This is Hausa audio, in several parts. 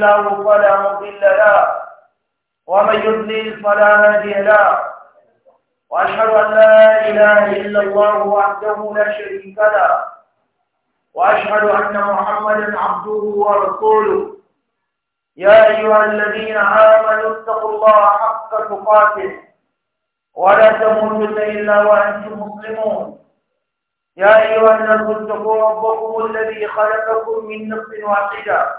له فلا مضل لا ومن يضلل فلا هادي لا واشهد ان لا اله الا الله وحده لا شريك له واشهد ان محمدا عبده ورسوله يا ايها الذين امنوا اتقوا الله حق تقاته ولا تموتن الا وانتم مسلمون يا ايها الناس اتقوا ربكم الذي خلقكم من نفس واحده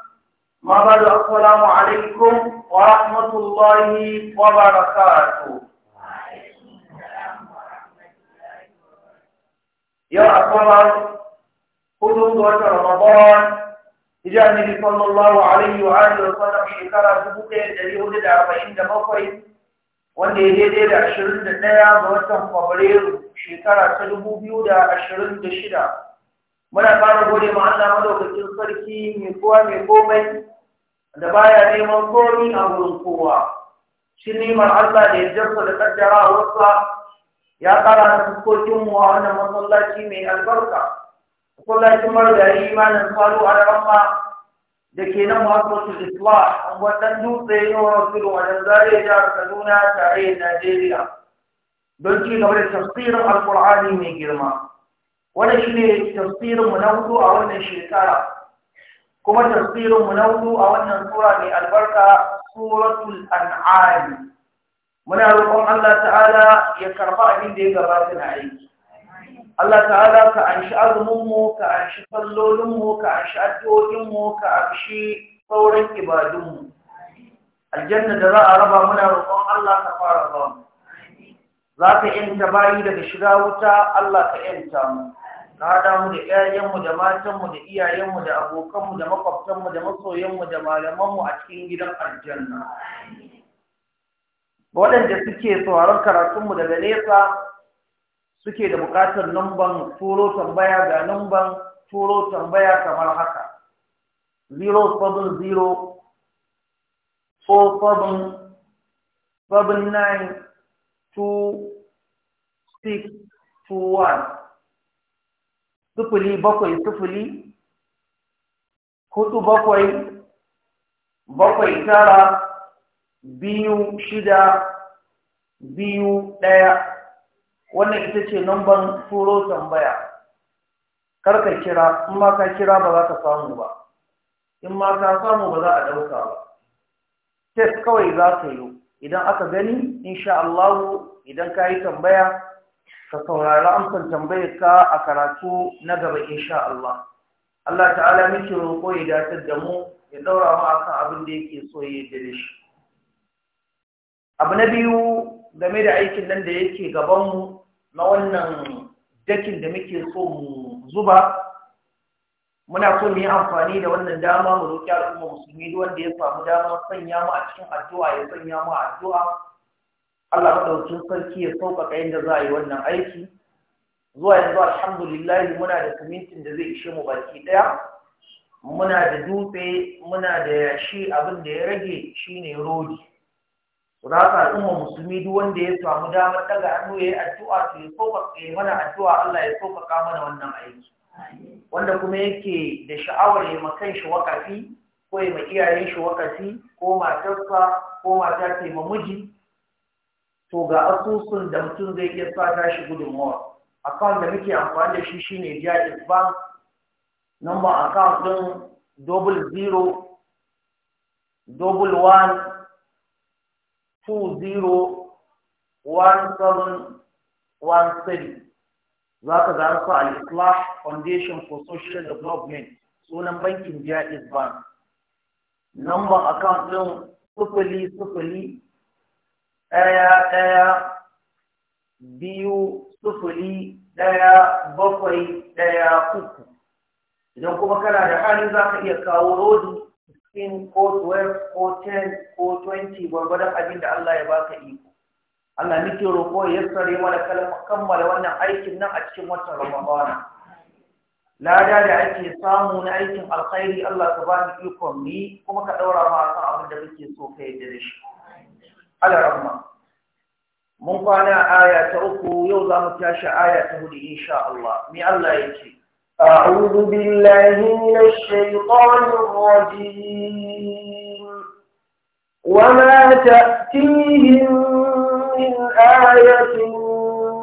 ما بعد السلام عليكم ورحمة الله وبركاته يا أكبر حدود وقت رمضان إجاء النبي صلى الله عليه وآله وسلم شكرا سبوكي الذي وجد أربعين دمقين wanda ya daidai da ashirin da ɗaya ga watan fabrairu shekara ta dubu biyu da ashirin da shida muna fara gode ma Allah madaukakin sarki mai kowa mai komai da baya neman komi a wurin kowa shi neman Allah da ya jarsa da kaddara wasa ya ƙara na fuskokinmu a wannan masallaci mai albarka masallacin margari imanin faru a ramma da ke nan masu isla wannan dutse yawon filo wajen zare jihar kaduna tare da najeriya don ci gaba da tafsirin alkur'ani mai girma wannan shi ne tafsirinmu na hudu a wannan shekara kuma tafsirin mu na hudu a wannan tura mai albarka suratul an'am muna roƙon Allah ta'ala ya karba abin da ya gabata na aiki Allah ta'ala ka anshi azumin mu ka anshi fallolinmu ka anshi addu'o'inmu, ka anshi sauran ibadunmu. aljanna da za a raba muna roƙon Allah ka fara ba za ka yanta bayi daga shiga wuta Allah ka yanta mu Na mu da ƴaƴanmu da matanmu da iyayenmu da abokanmu da makwabtanmu da masoyanmu da malamanmu a cikin gidan aljanna waɗanda suke sauraron karatunmu daga nesa suke da buƙatar numban turo tambaya ga numban turo tambaya kamar haka 070 47 79 2 6 2 1 sufuli bakwai sufuli hudu bakwai bakwai tara biyu shida biyu ɗaya wannan ita ce numban turo tambaya karka kira in ma ka kira ba za ka samu ba in ma ka samu ba za a ɗauka ba test kawai za ka yi idan aka gani insha Allah idan ka yi tambaya ka saurari amsar tambayar ka a karatu na gaba insha Allah Allah ta'ala miki roƙo ya datar da mu ya daura mu akan abin da yake so ya yi shi abu na biyu game da aikin nan da yake gaban mu na wannan dakin da muke so mu zuba muna so mu yi amfani da wannan dama mu roƙi al'umma musulmi wanda ya samu damar sanya mu a cikin addu'a ya sanya mu a addu'a Allah madaukakin sarki ya sauƙaƙa yadda za a yi wannan aiki zuwa yanzu alhamdulillah muna da simintin da zai ishe mu baki ɗaya. muna da dutse muna da yashi abin da ya rage shine rodi da haka al'umma musulmi duk wanda ya samu damar daga hannu ya yi addu'a su ya sauƙaƙa mana addu'a Allah ya sauƙaƙa mana wannan aiki wanda kuma yake da sha'awar ya makan shi wakafi ko ya ma iyayen shi wakafi ko matarsa ko mata ce ma miji to ga asusun da mutum zai iya sa tashi gudunmawa account da muke amfani da shi shine ya Bank number account din double zero double one two zero one seven one three za ka za su al Foundation for Social Development sunan bankin ya Bank number account din sufuli sufuli ɗaya ɗaya biyu sufuri ɗaya bakwai ɗaya uku idan kuma kana da hali za ka iya kawo rodi 16 ko 12 ko 10 ko 20 gwargwadon abin da Allah ya baka iko Allah muke roƙo ya tsare mana kalma kammala wannan aikin nan a cikin watan Ramadana lada da ake samu na aikin alkhairi Allah ka ba ni ikon ni kuma ka daura ma akan abin da muke so kai da shi على رغم من قال آيات أكو يوضا متاشا آياته لي إن شاء الله من الله يجري أعوذ بالله من الشيطان الرجيم وما تأتيهم من آية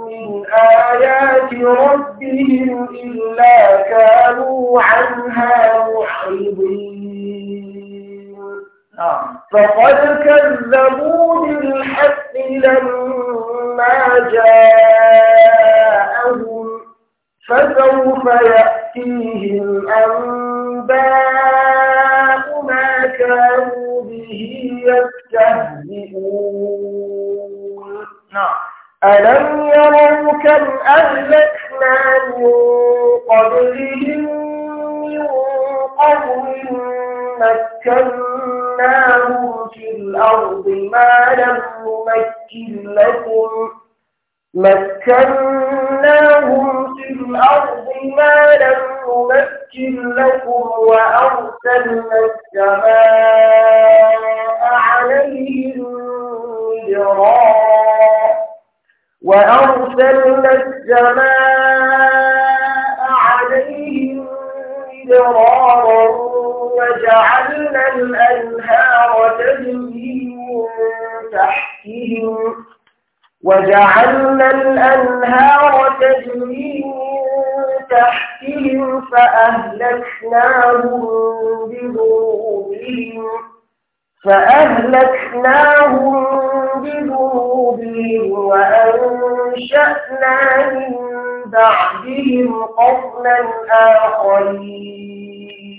من آيات ربهم إلا كانوا عنها محرضين آه. فقد كذبوا بالحق لما جاءهم فسوف يأتيهم أنباء ما كانوا به يستهزئون نعم. ألم يروا كم أهلكنا من قبلهم من قبل مكنا مكناهم في الأرض ما لم نمكن لكم مكناهم في الأرض ما لم نمكن لكم وأرسلنا السماء عليهم مجرا وأرسلنا السماء عليهم مجرارا وجعلنا الأنهار تجري من تحتهم وجعلنا الأنهار تجري من تحتهم فأهلكناهم بذنوبهم فأهلكناهم بذنوبهم وأنشأنا من بعدهم قرنا آخرين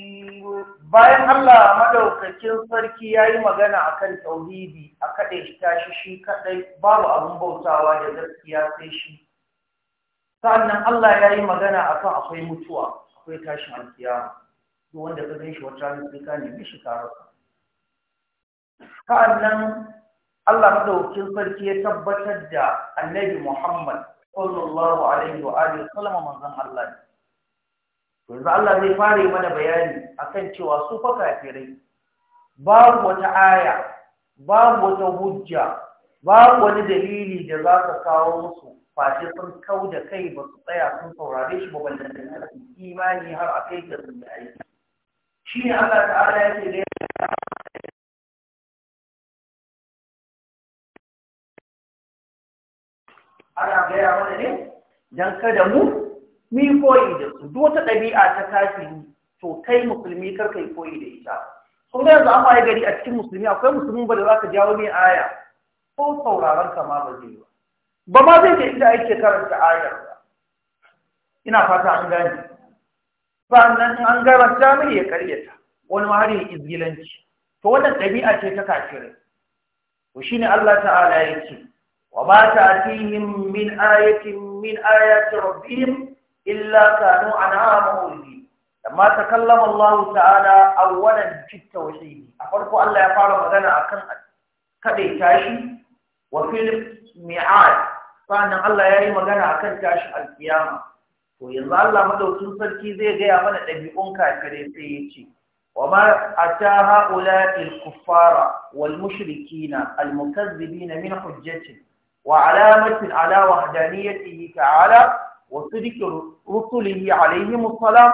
bayan Allah madaukakin sarki ya yi magana a kan tauhidi a kaɗe ta shi shi kaɗai babu abin bautawa da gaskiya sai shi sa'annan Allah ya yi magana a kan akwai mutuwa akwai tashin alkiya duk wanda ka gan shi wata ranar sai ka nemi shi karasa sa'annan Allah madaukakin sarki ya tabbatar da annabi Muhammad sallallahu alaihi wa alihi wa sallam manzon Allah ne yanzu Allah zai fara yi mana bayani akan cewa su fa kafirai babu wata aya babu wata hujja babu wani dalili da za ka kawo musu face sun kau da kai ba su tsaya sun saurare shi ba ballan da imani har a kai ga sun aiki shi ne Allah ta'ala yake da ana gaya mana ne don kada mu mi koyi da su duk wata ɗabi'a ta kafiri to kai musulmi kar kai koyi da ita kun ga yanzu an waye gari a cikin musulmi akwai musulmi ba da za ka jawo ne aya ko sauraron ka ma ba zai ba ba ma zai ke inda ake karanta ayar ba ina fata an gane sannan an garanta mai ya karyata wani ma har yi izgilanci to wannan ɗabi'a ce ta kafiri to shine Allah ta'ala ya ce wa ba ta atihim min ayatin min ayati rabbihim illa kanu an'ama ulli amma takallama Allah ta'ala awwalan fitta wa shayni a farko Allah ya fara magana akan kade tashi wa fil mi'ad Allah ya yi magana akan tashi al-qiyama to yanzu Allah madaukin sarki zai gaya mana ɗabi'un kafirai sai yace wa ma ataha ulai al-kuffara wal mushrikina al-mukazzibina min hujjati wa alamati ala wahdaniyatihi ta'ala Wasu وصدق رسله عليهم الصلاة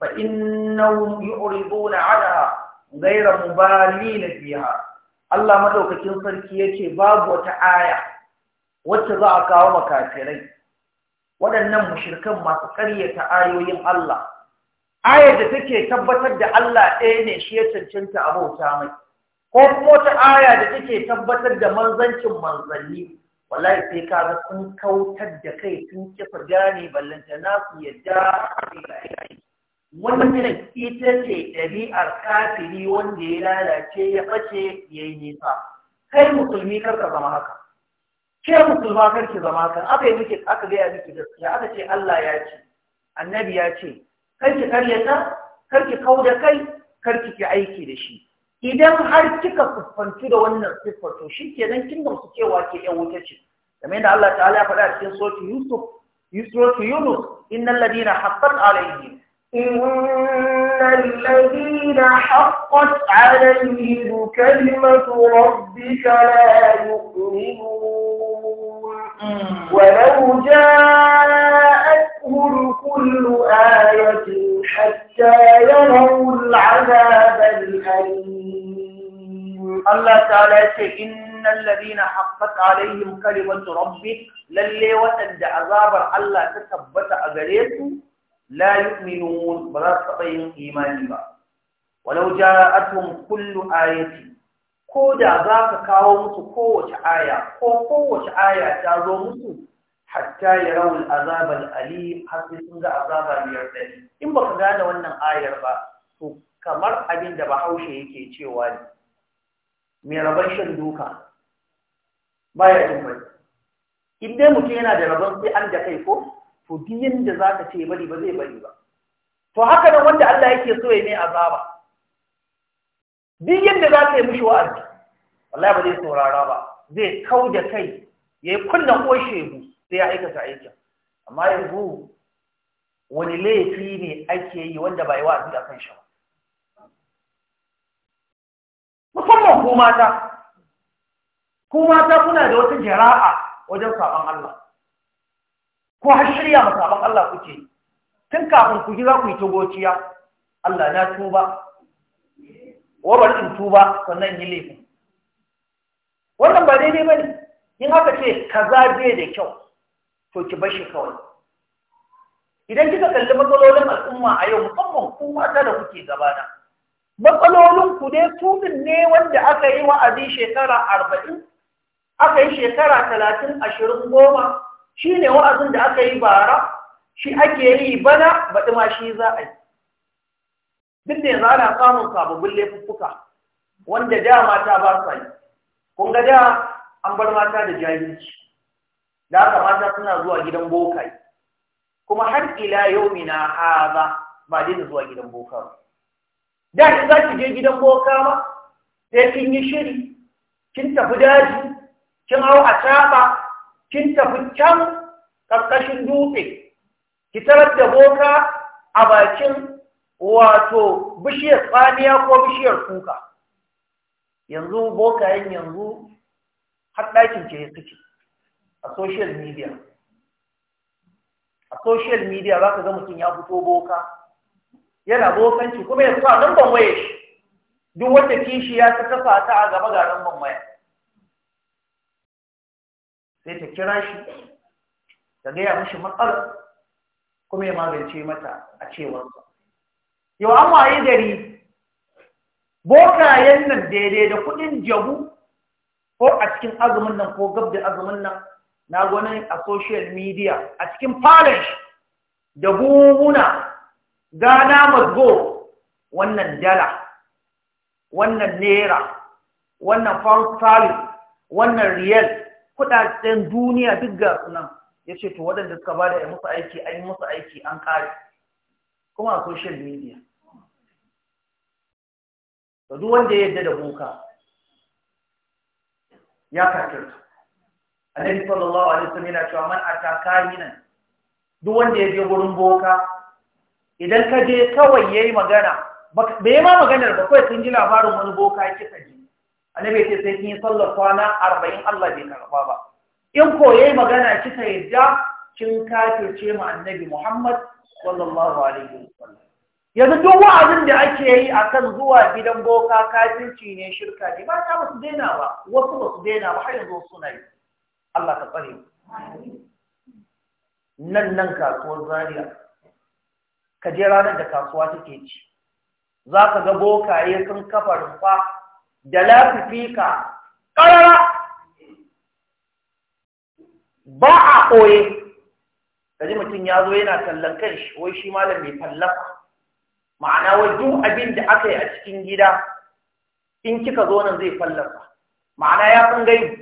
فإنهم يعرضون عنها غير مبالين فيها Allah madaukakin sarki yake babu wata aya wacce za a kawo makafirai waɗannan mushrikan masu ƙaryata ayoyin Allah ayar da take tabbatar da Allah ɗaya ne shi ya cancanta abota mai ko kuma wata aya da take tabbatar da manzancin manzanni wallahi sai ka ga sun kautar da kai sun kifa gane ballanta na su yadda wannan irin ita ce ɗabi'ar kafiri wanda ya lalace ya ɓace ya yi nisa kai musulmi karka zama haka ke musulma karki zama haka aka yi miki aka gaya miki gaskiya aka ce Allah ya ce annabi ya ce karki karyata karki kau da kai karki ki aiki da shi idan har kika siffantu da wannan siffar to shi nan kin gamsu cewa ke yan wuta ce kamar yadda Allah ta'ala ya faɗa cikin suratul Yusuf suratul Yunus innal ladina haqqat alaihim innal ladina haqqat alaihim kalimatu rabbika la yu'minun ولو hmm. جاءتهم kullu آية حتى يروا العذاب الأليم الله تعالى إن الذين حقت عليهم كلمة ربك للي وتد عذاب الله تثبت أغريته لا يؤمنون ولا تطيهم إيمان با ولو جاءتهم كل آية كودا ذاك كاومت قوة آية قوة آية تازومت hatta ya rawul azabar Ali, har sai sun ga azaba biyar dani in ba ka gane wannan ayar ba to kamar abin da bahaushe yake cewa ne mai rabon shan duka baya jin mai in dai mutum yana da rabon sai an da kai ko to biyan yanda za ka ce bari ba zai bari ba to haka nan wanda Allah yake so ya mai azaba Biyan yanda za ka yi mishi wa'azi wallahi ba zai saurara ba zai kau da kai ya yi kunna ƙoshe mu sai ya aikata aiki, amma yanzu wani laifi ne ake yi wanda ba yi a kan shi musamman ku mata ku mata kuna da wata jara'a wajen saban Allah ko har shirya ma saban Allah kuke tun kafin ku gira za ku yi togociya Allah na tuba wa in tuba sannan yi laifin wannan ba daidai ba ne in haka ce kaza je da kyau to ki bar shi kawai idan kika kalli matsalolin al'umma a yau musamman ku mata da kuke gabana matsalolin ku dai ne wanda aka yi wa'azi shekara arba'in aka yi shekara talatin ashirin goma shi ne wa'azin da aka yi bara shi ake yi bana baɗi ma shi za a yi duk da yanzu ana samun sababbin laifuffuka wanda da mata ba sa yi kun ga da an bar mata da jahilci da aka mata suna zuwa gidan bokai kuma har ila yaumina haza ba daina zuwa gidan boka ba da shi za ki je gidan boka ma sai kin yi shiri kin tafi daji kin hau a caba kin tafi can ƙarƙashin dutse ki tarar da boka a bakin wato bishiyar tsaniya ko bishiyar kuka yanzu bokayen yanzu har ɗakin ke suke a social media a social media za ka ga mutum ya fito boka yana bokanci kuma ya sa lambar waya shi duk wanda kishi ya ta kafa ta a gaba ga lambar waya sai ta kira shi ta gaya mashi matsalar kuma ya magance mata a cewar sa. yau an waye gari bokayen nan daidai da kudin jabu ko a cikin azumin nan ko gab da azumin nan na gwanin a social media a cikin polish da buhuna gana mazgo wannan dala wannan nera, wannan pound wannan riyal kudaden duniya duk ga sunan ya ce to waɗanda suka ba da musu aiki an yi musu aiki an kare kuma a social media da wanda ya yadda da boka ya kakirta annabi sallallahu alaihi wasallam yana cewa man ataka kaminan. duk wanda ya je gurin boka idan ka je kawai yayi magana bai ma maganar ba kawai sun ji labarin wani boka kika ji annabi ya ce sai kin yi sallar kwana 40 Allah bai karba ba in ko yayi magana kika yadda kin kafirce mu annabi Muhammad sallallahu alaihi wasallam yanzu duk wa'azin da ake yi akan zuwa gidan boka kafirci ne shirka ne ba ta ba su daina ba wasu ba su daina ba har yanzu suna yi Allah ka tsare nan nan kasuwar Zaria ka je ranar da kasuwa take ci za ka ga bokaye sun kafa rufa da lafifi ka ƙarara ba a ɓoye kaji mutum ya zo yana tallan kan shi wai shi malam mai fallafa ma'ana wai duk abin da aka yi a cikin gida in kika zo nan zai fallafa ma'ana ya san gaibu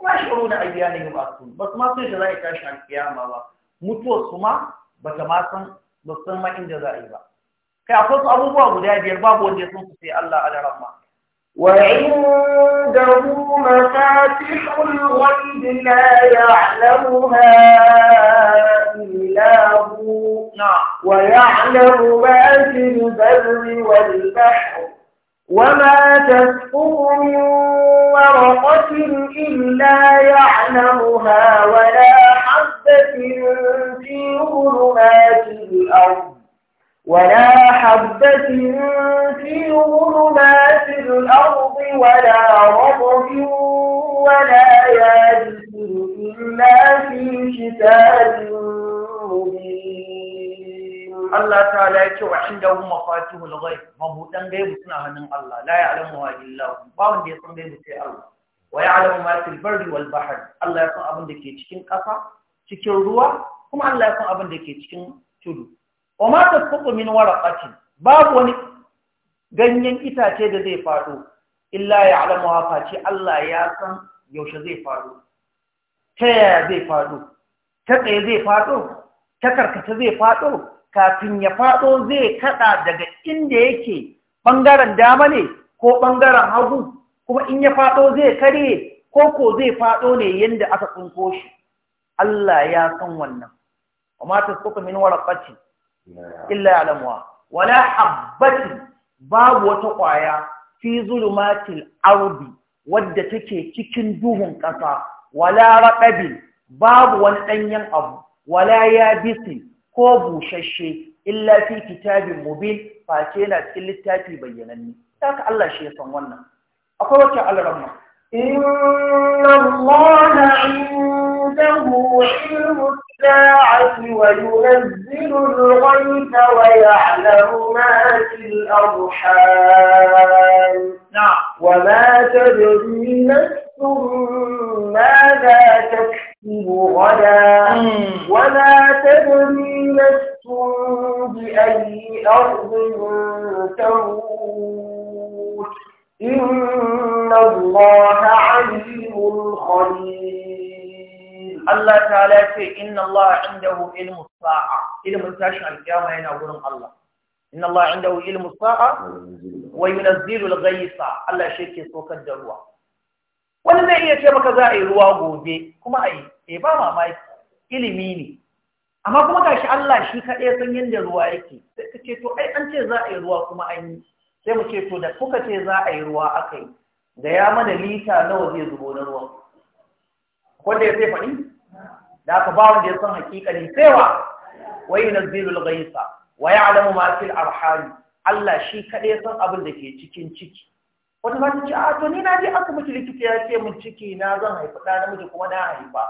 ويشعرون أيانهم أصلا بس ما تيجي لا يكاش عن قيام الله متوا سما بجماسا بصن ما إن جزائبا كي أفضل أبو بابو دي أبي أبو أن يسمك في الله على رحمه وعنده مفاتح الغيب لا يعلمها إلا هو نعم. ويعلم ما في البر والبحر وما تسقط من ورقة إلا يعلمها ولا حبة في ظلمات الأرض ولا حبة في ظلمات الأرض ولا رطب ولا يابس إلا في كتاب مبين Allah Ta ta'ala yake wa hu mafatihul ghaib mabudan gaibu suna hannun Allah la ya'lamu illa hu ba wanda ya san gaibu sai Allah wa ya'lamu ma fil barri wal bahr Allah ya san abin da ke cikin ƙasa cikin ruwa kuma Allah ya san abin da ke cikin tudu wa ma tasqutu min waraqatin babu wani ganyen itace da zai faɗo illa ya'lamu ha fati Allah ya san yaushe zai faɗo ta yaya zai faɗo ta tsaye zai faɗo ta karkata zai faɗo kafin ya faɗo zai kaɗa daga inda yake ɓangaren dama ne ko ɓangaren hagu kuma in ya faɗo zai kare ko ko zai faɗo ne yadda aka tsinko shi Allah ya san wannan amma ta suka min warqatin illa ya'lamuha wala habbatin babu wata ƙwaya fi zulumatil ardi wadda take cikin duhun ƙasa wala raɗabin babu wani ɗanyen abu wala ya yabisin ko bushashe illa fi kitabin mubin face yana cikin littafi bayyananne haka Allah shi ya san wannan akwai wacce alramma inna allaha indahu ilmu sa'ati wa yunzilu al-ghaytha wa ya'lamu ma fil arham na'am wa ma tadri nafsun ta تكسب غدا الأرض تموت إن الله عليم خبير الله تعالى يقول إن الله عنده علم الساعة علم الساعة القيامة هنا أقول الله إن الله عنده علم الساعة وينزل الغيث الله شيك سوك الدروة wani zai iya ce maka za a yi ruwa gobe kuma a yi ba mamaki ilimi ne amma kuma gashi Allah shi kaɗai san yadda ruwa yake sai ka ce to ai an ce za a yi ruwa kuma an yi sai mu ce to da kuka ce za a yi ruwa aka yi da ya mana lita nawa zai zubo na ruwan wanda ya sai faɗi da aka ba wanda ya san hakikani sai wa wai na zilul gaisa wa ya alamu fil arhani Allah shi kaɗai san abin da ke cikin ciki wata ma ta ce a ah, to ni na je mutu likita ya ce min ciki na zan haifi ɗa namiji kuma na haifa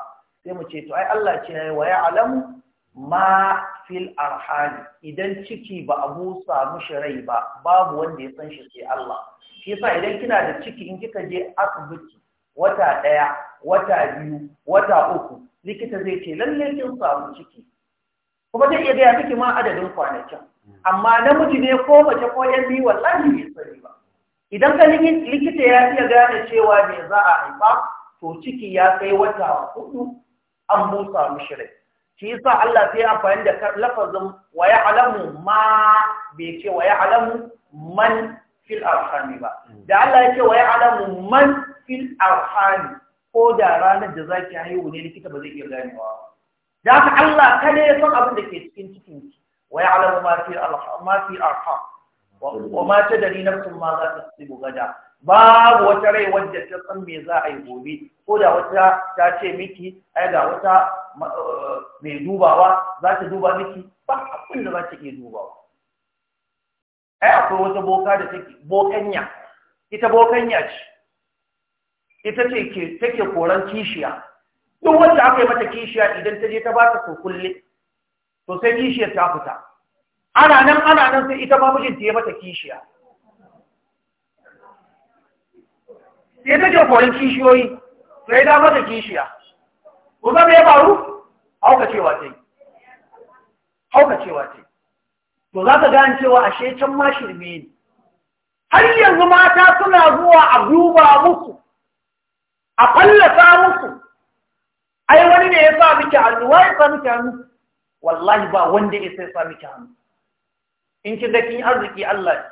sai mu ce to ai Allah ce ya wa ya alamu ma fil arham idan ciki ba a busa mishi rai ba babu wanda ya san shi sai Allah shi yasa idan kina da ciki in kika je asibiti wata daya wata biyu wata uku likita zai ce lalle kin samu ciki kuma zai iya gaya miki ma adadin kwanakin amma namiji ne ko mace ko yan biyu wallahi bai sani ba idan ka likita ya iya gane cewa me za a haifa to ciki ya kai wata hudu an busa mishi rai shi yasa Allah sai amfani da lafazin wa ya'lamu ma bai ce wa ya'lamu man fil arhami ba da Allah ya ce wa ya'lamu man fil arhami ko da ranar da zaki haihu ne likita ba zai iya ganewa da Allah kane ya san abin da ke cikin cikin ki wa ya'lamu ma fil arham wa ma ta dari nafsin ma za ta tsibu gada Ba wata rai wanda ta san me za a yi gobe ko da wata ta ce miki ai ga wata eh, mai dubawa za ta duba miki ba abin da za ta ke dubawa ai akwai wata boka da take bokanya ita bokanya ce ita ce take koran kishiya duk wanda aka yi mata kishiya idan ta je ta ba ta so to sai kishiyar ta fita ana nan ana nan sai ita ma mijinta ya mata kishiya sai ta je koren kishiyoyi sai da mata kishiya ku zama ya faru hauka cewa ta yi hauka cewa ta yi to za ka gane cewa ashe can ma shirme ne har yanzu mata suna zuwa a duba muku a fallasa muku ai wani ne ya sa miki hannu wa ya sa miki hannu wallahi ba wanda ya sai sa miki hannu in kin da kin yi arziki Allah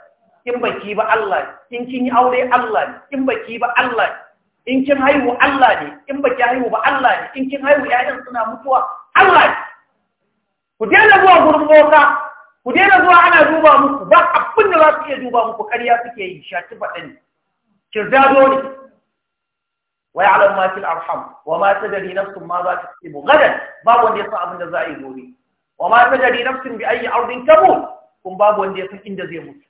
ne in baki ba Allah ne in kin yi aure Allah ne in baki ba Allah ne in kin haihu Allah ne in baki haihu ba Allah ne in kin haihu ƴaƴan suna mutuwa Allah ne ku daina zuwa gurin boka ku daina zuwa ana duba muku ba abin da za su iya duba muku ƙarya suke yi shaci faɗa ne kirzado ne wa ya'lamu ma fil arham wa ma tadri nafsun ma za ta tsibu gadan ba wanda ya san abin da za a yi gobe wa ma tadri nafsun bi ayi ardin tabut kun babu wanda ya san inda zai mutu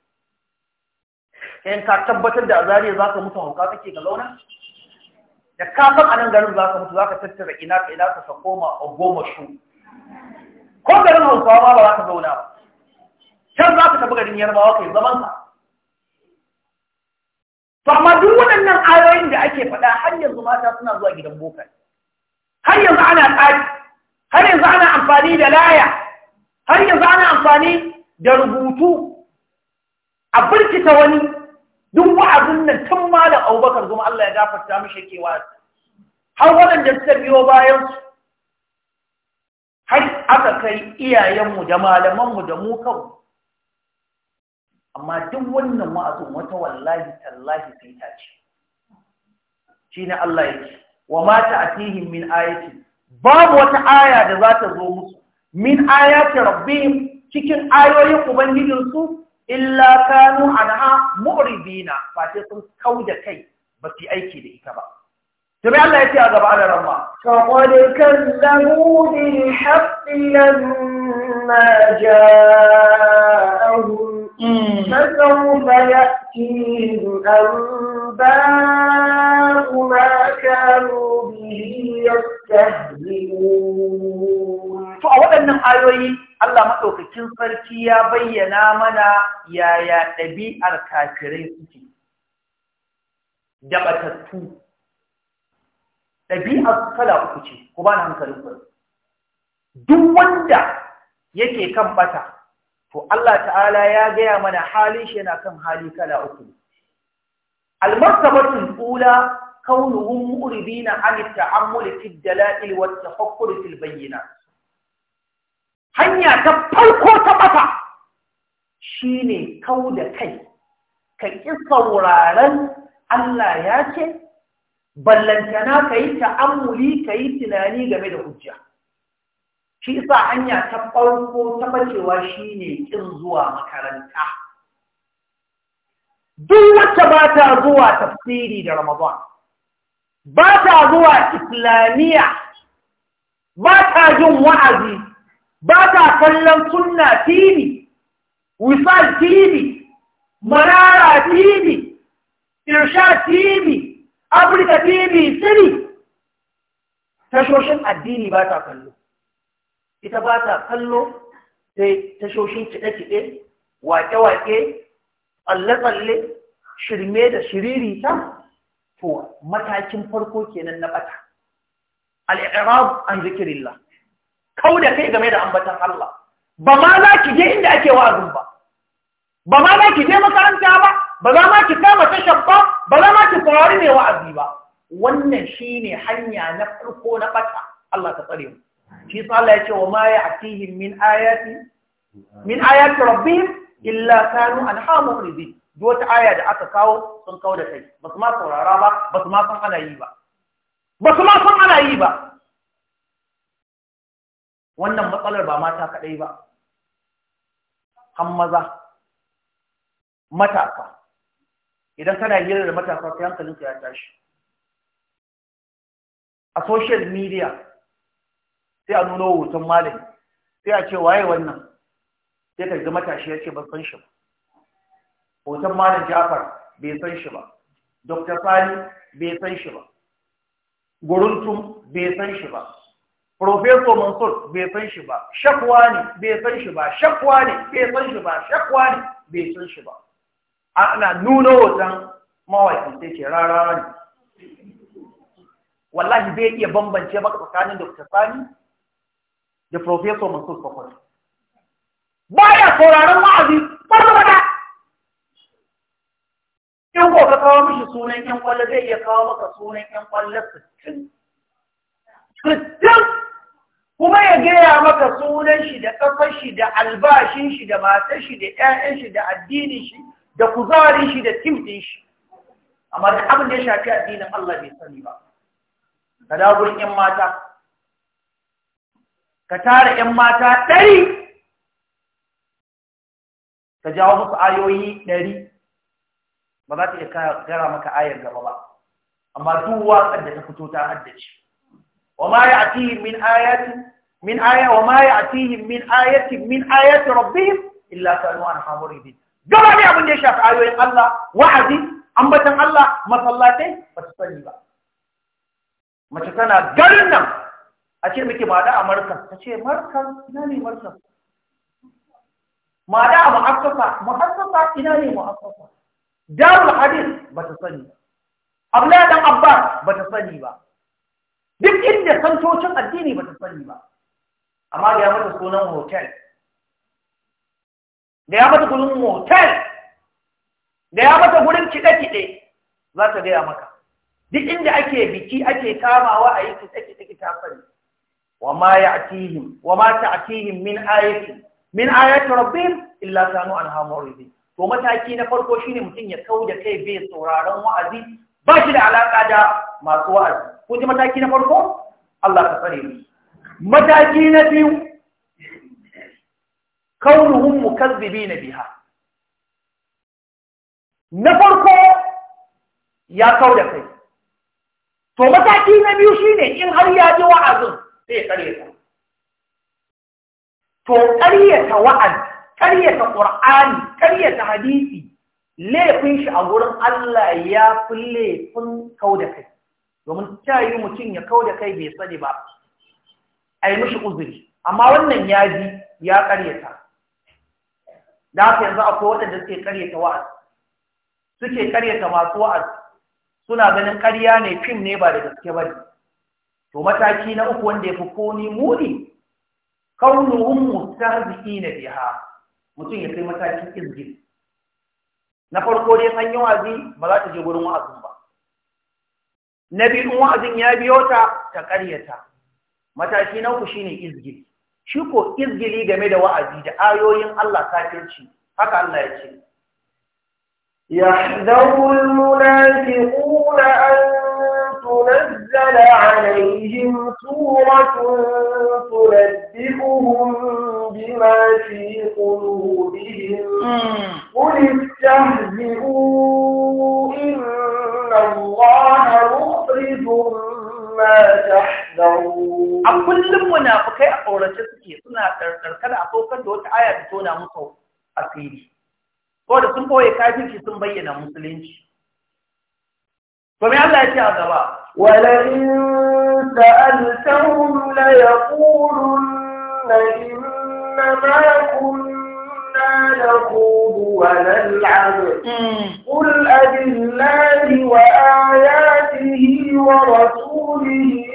in ka tabbatar da azariya za ka mutu hauka kake ga launa da kafin a nan garin za ka mutu za ka tattara ina ka ina ka koma a goma shu ko garin hausawa ma ba za ka zauna ba can za ka tafi garin yarbawa kai zaman ka to amma duk waɗannan ayoyin da ake faɗa har yanzu mata suna zuwa gidan boka har yanzu ana tsari har yanzu ana amfani da laya har yanzu ana amfani da rubutu a birkita wani duk wa'azin nan tun malam Abubakar zuma Allah ya gafarta mishi yake wa'azi har waɗanda suka biyo bayan su har aka kai iyayenmu da malamanmu da mu kanmu amma duk wannan wa'azin wata wallahi tallahi sai ta ce shi ne Allah ya ce wa a ta'atihim min ayati babu wata aya da za ta zo musu min ayati rabbihim cikin ayoyin ubangijinsu illa kanu anha mu'ribina ba sai sun kauda kai ba su aiki da ita ba to Allah ya ce a gaba da ramma faqad kallamu bil haqqi lamma ja'ahum Mm. فسوف يأتيهم أنباء ما كانوا به يستهزئون to a waɗannan ayoyi Allah maɗaukakin sarki ya bayyana mana yaya ɗabi'ar kafirai suke da batattu ɗabi'ar kala uku ce ku ba na hankalin duk wanda yake kan bata To Allah ta'ala ya gaya mana halin shi yana kan hali kala uku. Almartabatul ula kaunuhum muridina an ta'ammul fi dalail wa tafakkur bayyana Hanya ta farko ta Shi shine kau da kai ka ki sauraron Allah ya ce ballantana ka yi ta'ammuli ka yi tunani game da hujja. shi sa hanya ta farko ta bacewa shine ƙin zuwa makaranta duk wacce ba ta zuwa tafsiri da ramadan ba ta zuwa islamiyya ba ta jin wa'azi ba ta kallon sunna tv wisal tv marara tv irsha tv afirka tv siri tashoshin addini ba ta kallo ita ba ta kallo sai tashoshin kiɗe-kiɗe waƙe-waƙe, tsalle-tsalle shirme da shiriri ta to matakin farko kenan na bata al-i'rab an zikrillah kau da kai game da ambatan Allah ba ma za ki je inda ake wa'azin ba ba ma za ki je makaranta ba ba za ma ki kama tashar ba ba za ma ki saurari mai wa'azi ba wannan shine hanya na farko na bata Allah ta tsare mu shi Allah ya ce wa ma ya atihim min ayati min ayati rabbihim illa kanu anha duk wata aya da aka kawo sun kawo da kai ba su ma saurara ba ba su ma san ana yi ba ba su ma san ana yi ba wannan matsalar ba mata kaɗai ba hammaza maza matasa idan kana hira da matasa sai hankalinka ya tashi a social media sai a nuna hoton malami sai a ce waye wannan sai ka ga matashi ya ce ban san shi ba hoton malam jafar bai san shi ba dr sani bai san shi ba guruntum bai san shi ba professor mansur bai san shi ba shakwa ne bai san shi ba shakwa ne bai san shi ba shakwa ne bai san shi ba ana nuna hoton mawaki sai ce rara ne wallahi bai iya bambance maka tsakanin dr sani da Professor Mansur Sokoto. Baya sauraron wa'azi da kwata In ko ka kawo mishi sunan ‘yan kwallo zai iya kawo maka sunan ‘yan kwallo sittin. Sittin kuma ya gaya maka sunan shi da ƙafar shi da albashin shi da matar shi da ‘ya'yan shi da addinin shi da kuzarin shi da tim shi. Amma da abin da ya shafi addinin Allah bai sani ba. Ka dawo gurin ‘yan mata, ka tara ‘yan mata ɗari ka jawo musu ayoyi ɗari ba za ta iya gara maka ayar gaba ba amma duk waƙar da ta fito ta haddace wa ma ya'tihim min ayatin min aya wa ma ya'tihim min ayatin min ayati rabbihim illa kanu anha muridin gaba ne abin da ya shafi ayoyin Allah wa'azi ambatan Allah masallatai ba su sani ba mace tana garin nan a ce muke ba da amurka ta ce markan ina ne markan Ma da mu'assasa mu'assasa ina ne mu'assasa darul hadis ba ta sani ba abdullahi dan abbas ba ta sani ba duk inda santocin addini ba ta sani ba amma da ya mata sunan hotel da ya mata gurin hotel da ya mata gurin kide-kide za ta gaya maka duk inda ake biki ake kamawa a yi kide-kide ta sani وما يأتيهم وما تأتيهم من آية من آيات ربهم إلا كانوا عنها معرضين to mataki na farko shine mutum ya kau da kai bai sauraron wa'azi ba shi da alaka da masu wa'azi ko ji mataki na farko Allah ka tsare mu mataki na biyu kaunuhum mukazzibina biha na farko ya kau kai to mataki na biyu shine in har ya ji wa'azin sai to ƙaryata wa'ad ƙaryata ƙur'ani ƙaryata hadisi laifin shi a wurin Allah ya fi laifin kauda kai domin ta yi mutum ya kauda kai bai sani ba a yi mishi uzuri amma wannan ya ji ya ta, da haka yanzu akwai waɗanda suke ta wa'ad suke karyata masu wa'ad suna ganin karya ne fim ne ba da gaske ba ne to mataki na uku wanda ya fi koni muni kaunuhum mustahzi'ina biha mutum ya kai matakin izgil na farko dai san yi wa'azi ba za ta je gurin wa'azin ba na biyu wa'azin ya biyo ta ta ƙaryata mataki na uku shine izgil shi ko izgili game da wa'azi da ayoyin Allah kafirci haka Allah ya ce يحذر المنافقون أن تنزل نزل عليهم سورة تنبئهم بما في قلوبهم قل استهزئوا إن الله مخرج ما تحذرون أقول kullum munafukai a tsorace suke suna karkar a saukar da wata aya ta musu asiri ko da sun boye kafirci sun bayyana musulunci to me Allah ya a gaba ولئن سألتهم ليقولن إنما كنا نخوض ونلعب قل أبالله وآياته ورسوله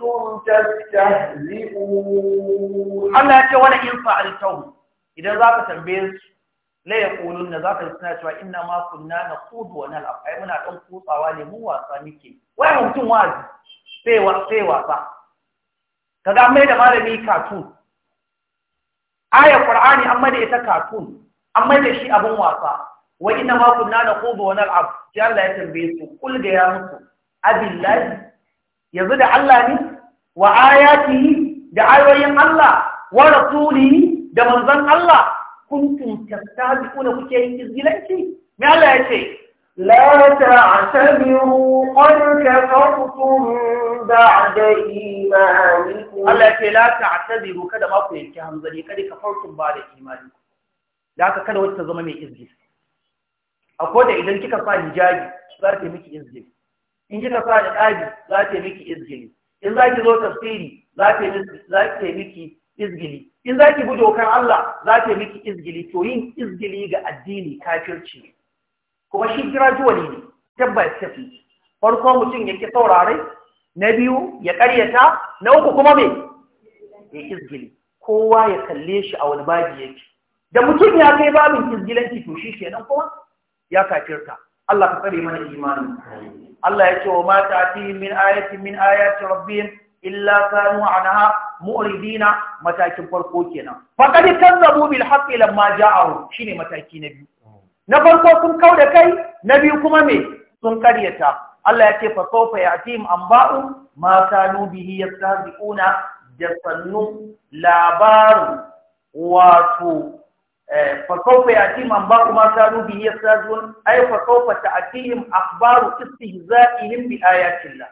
كنتم تستهزئون الله يقول ولئن سألتهم إذا ذاك تنبيه la yaqulun za ka suna cewa inna ma kunna kudu wa nal'ab ai muna dan kutsawa ne mu wasa muke wai mutum wazi sai wa sai wasa kaga mai da malami cartoon aya qur'ani amma da ita cartoon amma da shi abin wasa wa inna ma kunna naqudu wa nal'ab sai Allah ya tambaye su kul ga ya muku abillahi yanzu da Allah ne wa ayatihi da ayoyin Allah wa rasulihi da manzon Allah kuntum tattabiquna kuke yin izgilanci me Allah ya ce la ta'tabiru qad kafartum ba'da imanikum Allah ya ce la ta'tabiru kada ma ku yanke hanzari kada ka farku ba da imani da aka kada wata zama mai izgil akwai da idan kika sa hijabi za ta miki izgil in kika sa hijabi za ta miki izgil in za ki zo tafsiri za ta miki izgil izgili in zaki ki bi dokar Allah za ta miki izgili to yin izgili ga addini kafirci ne kuma shi gradually ne tabbas tafi farko mutum yake saurare na biyu ya karyata na uku kuma me ya izgili kowa ya kalle shi a wani babi yake da mutum ya kai babin izgilanci to shi kenan kuma ya kafirta Allah ka tsare mana imani Allah ya ce wa mata min ayatin min ayati rabbihim illa kanu anha mu'ridina matakin farko kenan faqad kazzabu bil haqqi lamma ja'ahu shine mataki na biyu na farko sun kauda kai na biyu kuma me sun karyata Allah ya ce fa sawfa ya'tim amba'u ma kanu bihi yastahzi'una da sannu labaru wato eh, fa sawfa ya'tim anba'u ma kanu bihi yastahzi'un ay fa sawfa ta'tihim akhbaru istihza'ihim bi ayatillah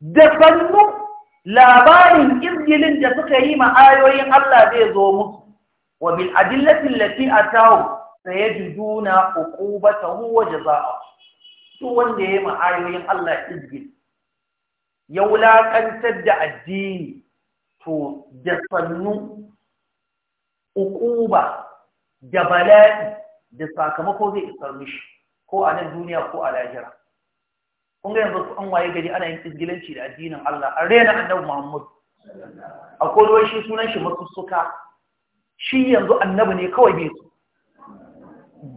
da sannu labarin izgilin da suka yi ma'ayoyin Allah zai zo musu wa bil adillati allati atahu sayajiduna uqubatahu wa jazaahu Su wanda ya yi ayoyin Allah izgil ya wulaƙantar da addini to da sannu uquba da bala'i da sakamako zai isar mishi ko a nan duniya ko a lahira kun ga yanzu an waye gari ana yin izgilanci da addinin Allah a rena annabi Muhammad akwai wani shi sunan shi masussuka shi yanzu annabi ne kawai bai su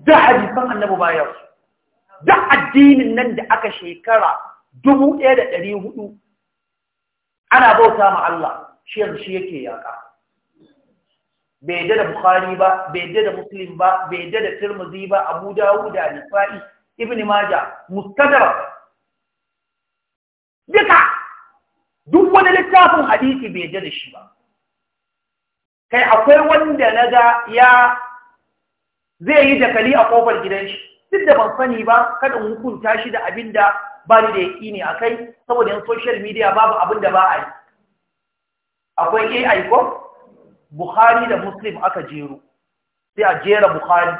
da hadisan annabi baya su da addinin nan da aka shekara dubu ɗaya da ɗari hudu ana bauta ma Allah shi yanzu shi yake yaƙa bai da bukhari ba bai da muslim ba bai yadda da tirmidhi ba abu dawud da ibn maja mustadrak duka duk wani littafin hadisi bai je da shi ba kai akwai wanda na ga ya zai yi dakali a ƙofar gidan shi duk da ban sani ba kada in hukunta shi da abin da ba ni da yaƙi ne a kai saboda yan social media babu abin da ba a yi akwai ai ko bukhari da muslim aka jero sai a jera bukhari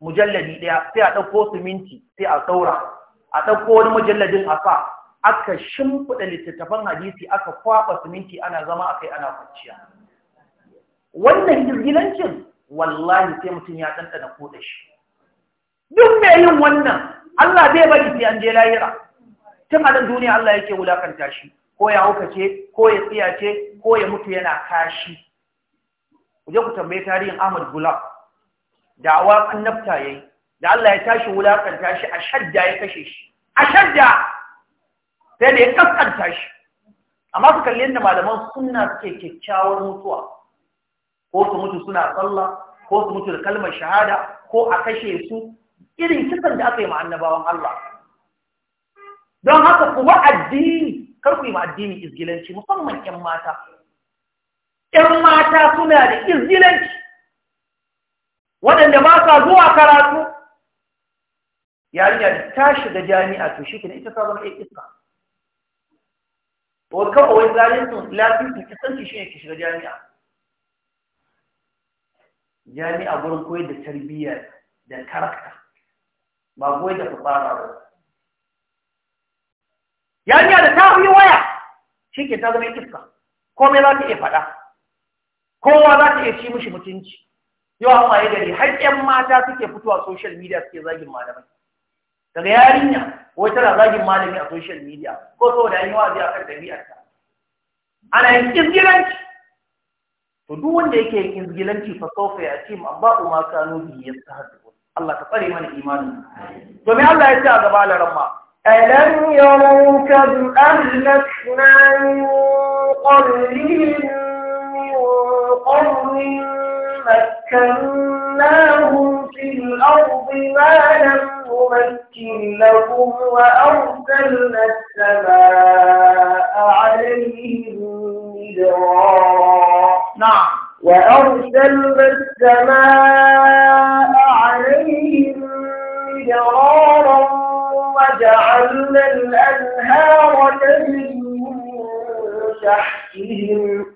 mujalladi ɗaya sai a ɗauko siminti sai a saura a ɗauko wani mujalladin a sa aka shimfiɗa littattafan hadisi aka kwaɓa siminti ana zama akai ana kwanciya wannan girgilancin wallahi sai mutum ya ɗanɗana ko da shi duk mai yin wannan Allah bai bari sai an je lahira tun a nan duniya Allah yake wulakanta shi ko ya ce, ko ya ce ko ya mutu yana kashi ku je ku tambayi tarihin Ahmad Gulab da da'awa annabta yayi da Allah ya tashi wulakanta shi a shadda ya kashe shi a shadda sai da ya kaskanta shi amma su kalli yadda malaman suna suke kyakkyawar mutuwa ko su mutu suna sallah ko su mutu da kalmar shahada ko a kashe su irin kisan da aka yi ma'annabawan Allah don haka kuma addini kar ku yi addini izgilanci musamman 'yan mata 'yan mata suna da izgilanci waɗanda ba sa zuwa karatu yarinya ta shiga jami'a to shi ita ta zama iska wa kafa wai zalincin ta kisanci shi ne ki shiga jami'a jami'a gurin koyar da tarbiyyar da karakta ba koyar da fitsara ba yarinya da ta yi waya shi ke ta zama iska komai za ta iya faɗa kowa za ta iya ci mishi mutunci yau amma ya gari har 'yan mata suke fitowa social media suke zagin malamai daga yarinya ko tana zagin malami a social media ko saboda an yi wa'azi a kan ɗabi'arsa ana yin izgilanci to duk wanda yake yin izgilanci fa sofa ya ce amma umma kanu bi yastahdu Allah ka tsare mana imanin domin Allah ya ce a gaba laramma ألم يروا كم أهلكنا من قبلهم من قوم مكناهم في الأرض ما لم نمكن لهم وأرسلنا السماء عليهم مدرارا نعم. وأرسلنا السماء عليهم مدرارا وجعلنا الأنهار تجري من تحتهم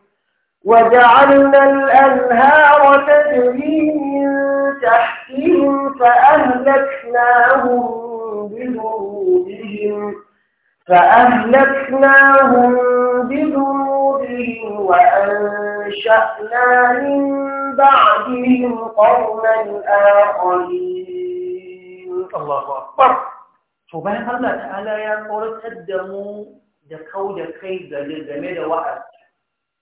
وجعلنا الأنهار تجري من تحتهم فأهلكناهم بذنوبهم فأهلكناهم بذنوبهم وأنشأنا من بعدهم قوما آخرين الله أكبر سبحان الله تعالى يا قرة الدم da kau da kai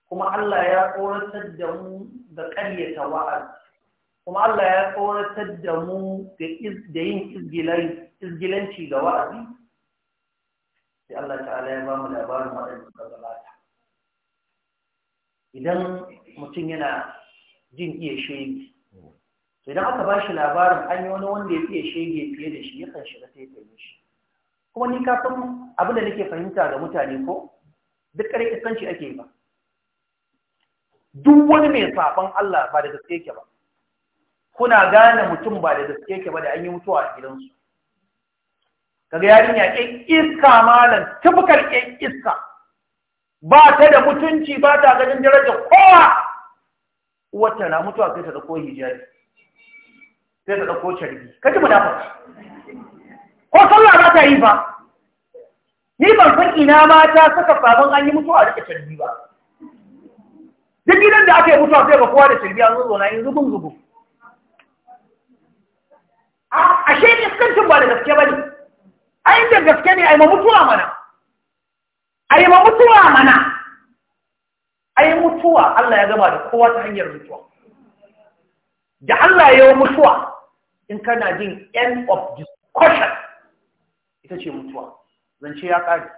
kuma Allah ya tsoratar da mu da ƙaryata wa'azi kuma Allah ya tsoratar da mu da yin izgilanci ga wa'azi sai Allah ta'ala ya ba mu labarin waɗanda suka gabata idan mutum yana jin iya shege idan aka ba shi labarin an yi wani wanda ya fiye shege fiye da shi yakan shiga sai yi shi kuma ni kafin abin da nake fahimta ga mutane ko duk ƙarfi isanci ake ba duk wani mai saban Allah ba da gaske yake ba kuna gane mutum ba da gaske yake ba da an yi mutuwa a gidansu kaga yarinya ƙin iska malam tufkar ƙin iska ba ta da mutunci ba ta ganin daraja kowa wata na mutuwa sai ta dauko hijabi sai ta carbi. charbi kaji mu dafa ko sallah ba ta yi ba ni ban san ina mata suka sabon an yi mutuwa a rike charbi ba duk gidan da aka yi mutuwa sai ga kowa da shirbiya an zo na yin zubun zubu ashe iskancin ba da gaske ba ne A yin da gaske ne a ma mutuwa mana a ma mutuwa mana A yi mutuwa Allah ya gama da kowa ta hanyar mutuwa da Allah ya yi mutuwa in kana jin end of discussion ita ce mutuwa zance ya kare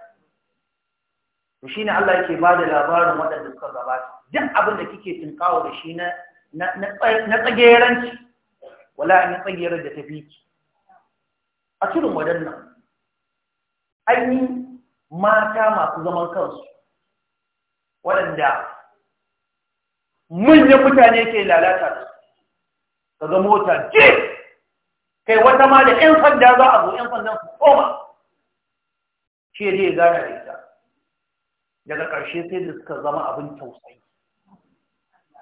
shi ne Allah yake ba da labarin waɗanda suka gabata duk abin da kike tinkawo da shi na na tsageranci wala an tsagerar da tafi ki a cikin wadannan an mata masu zaman kansu waɗanda manyan mutane ke lalata su ga mota je kai wata ma da 'yan sanda za a zo 'yan sandan su koma ce ya gane da ita daga ƙarshe sai da suka zama abin tausayi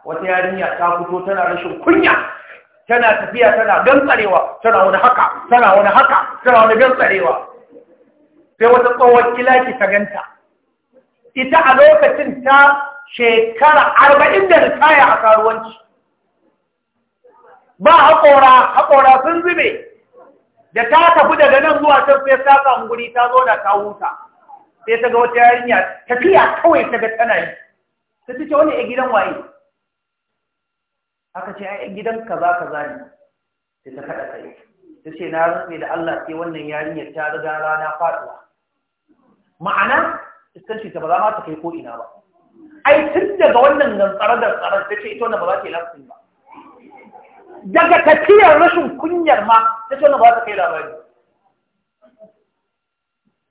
wata yarinya ta fito tana rashin kunya tana tafiya tana gantsarewa tana wani haka tana wani haka tana wani gantsarewa sai wata tsohon kilaki ta ganta ita a lokacin ta shekara arba'in da ritaya a karuwanci ba haƙora haƙora sun zube da ta tafi daga nan zuwa can sai ta samu guri ta zo da ta huta sai ta ga wata yarinya tafiya kawai ta ga tsanani. ta ce wani a gidan waye aka ce ai gidan kaza kaza ne sai ta kada kai ta ce na rufe da Allah sai wannan yarinyar ta riga rana faɗuwa. ma'ana iskanci ta ba za ma ta kai ko ina ba ai tun daga wannan tsare da tsarar ta ce ita wannan ba za ta yi lafsin ba daga tafiyar rashin kunyar ma ta ce wannan ba za ta kai labari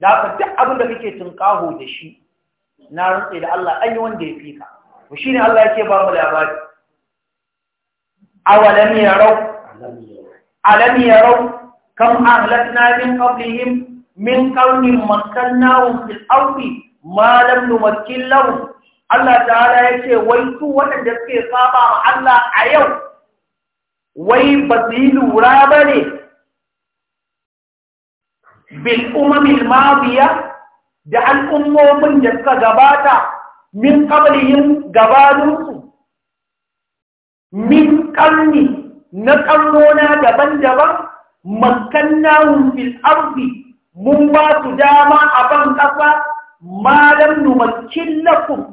da haka duk abin da kake tunƙaho da shi na rufe da Allah an yi wanda ya fi ka shi ne Allah ya ce ba mu labari awalam yarau alam yarau kam ahlakna min qablihim min qawmin makkannahum fil ardi ma lam lahum Allah ta'ala yace wai su waɗanda suke saba ma Allah a yau wai ba su yi lura ba ne bil umamil madiya da al'ummomin da suka gabata min qablihim gabanu min ƙarni na ƙarnona daban-daban makannahum fil ardi mun ba su dama a ban ƙasa ma lam numakkin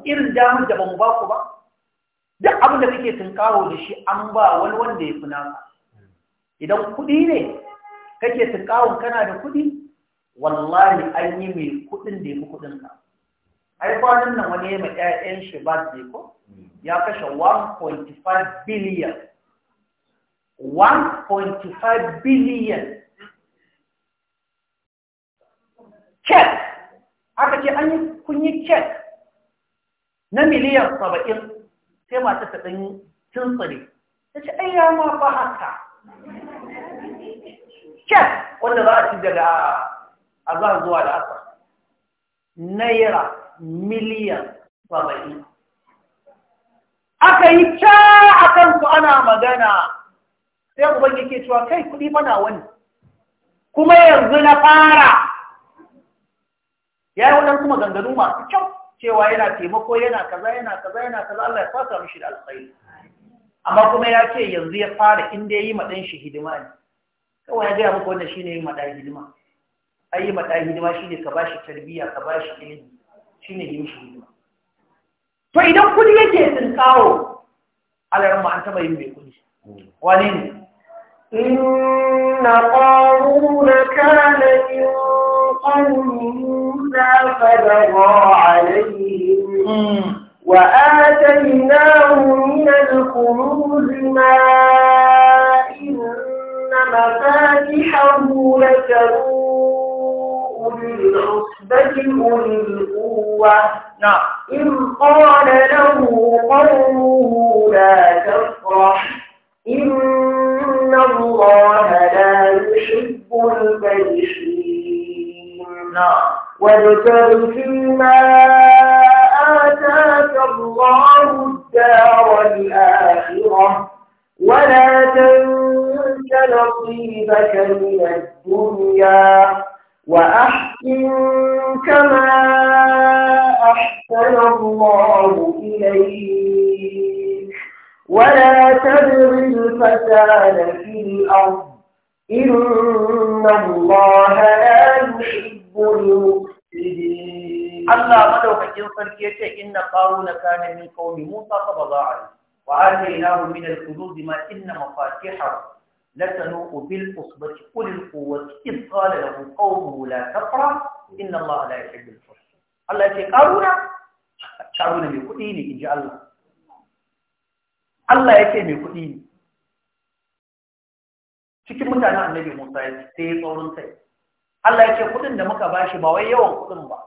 irin damar da ban ba ku ba duk abin da kake tunkawo da shi an ba wani wanda ya fi ba, idan kuɗi ne kake kawo kana da kuɗi wallahi an yi mai kuɗin da ya fi kuɗin ka ai kwanan nan wani ya ma 'ya'yan shi ba ko ya kashe 1.5 billion 1.5 billion check aka ce an yi kunyi check na miliyan 70 sai mata masu taɗin tuntsuri ta ce ai ya ma ba haka check wanda za a ci daga azan zuwa da asa naira miliyan 70 aka yi ca a kansu ana magana sai uban yake cewa kai kudi mana wani kuma yanzu na fara ya yi waɗansu maganganu masu kyau cewa yana taimako yana kaza yana kaza yana kaza Allah ya fasa mishi da alkhairi amma kuma ya ce yanzu ya fara inda ya yi maɗan shi hidima ne kawai ya gaya muku wannan shi ne yi hidima ai yi maɗa hidima shi ne ka ba shi tarbiyya ka ba shi ilimi shi ne yi mishi hidima فإذا كُلِّ يَجِئَ تِلْكَاهُ على رمى أنت ما يمكنش ولين إن قارون كان من قوم عليهم وآتيناه من الكنوز ما إن مفاتحه لتنوء أولي العصبة أولي نعم إذ قال له قومه لا تفرح إن الله لا يحب الفرحين نعم وابتغ فيما آتاك الله الدار الآخرة ولا تنس نصيبك من الدنيا وأحسن كما أحسن الله إليك ولا تبغ الفساد في الأرض إن الله لا يحب المفسدين الله مدوكين سركي إن قارون كان من قوم موسى فبضاعه وآتيناه من الحدود ما إن مفاتيحه لتنوء بالأصبة قل القوة إذ قال له قومه لا تقرأ إن الله لا يحب الفرس الله يقول قارونا قارونا من إن جاء الله الله يقول من cikin mutanen annabi Musa ya ce sai tsoron sai Allah ya ce kudin da muka bashi ba wai yawan kudin ba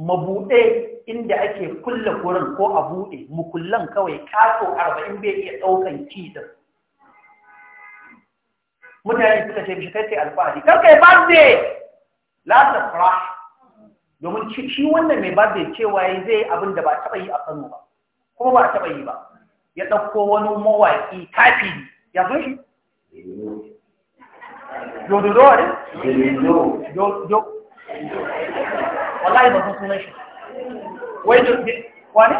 mabuɗe inda ake kulle gurin ko a buɗe mukullan kawai kaso arba'in bai iya ɗaukan ki din mutane suka ce mishi kai kai alfahari kar kai birthday la tafrah domin shi wannan mai birthday cewa yayi zai abin da ba taba yi a Kano ba ko ba taba yi ba ya dauko wani mawaki kafi ya zo shi dododo ne dododo wallahi ba sun sunan shi wai dododo wani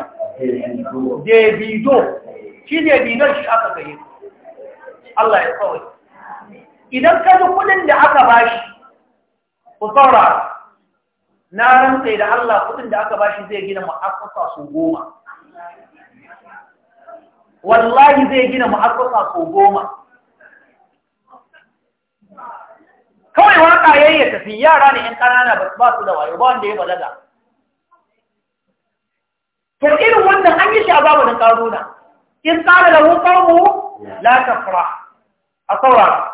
debido shi debido shi aka gaye Allah ya kawai idan ka ji kudin da aka bashi ku saura na rantse da Allah kudin da aka bashi zai gina ma'akwasa su goma wallahi zai gina ma'akwasa su goma kawai waka yayi ya tafi yara ne yan ƙanana ba su da wayo ba wanda ya balaga to irin wannan an yi shi a zamanin karuna in tsara da qawmu la tafra a saurara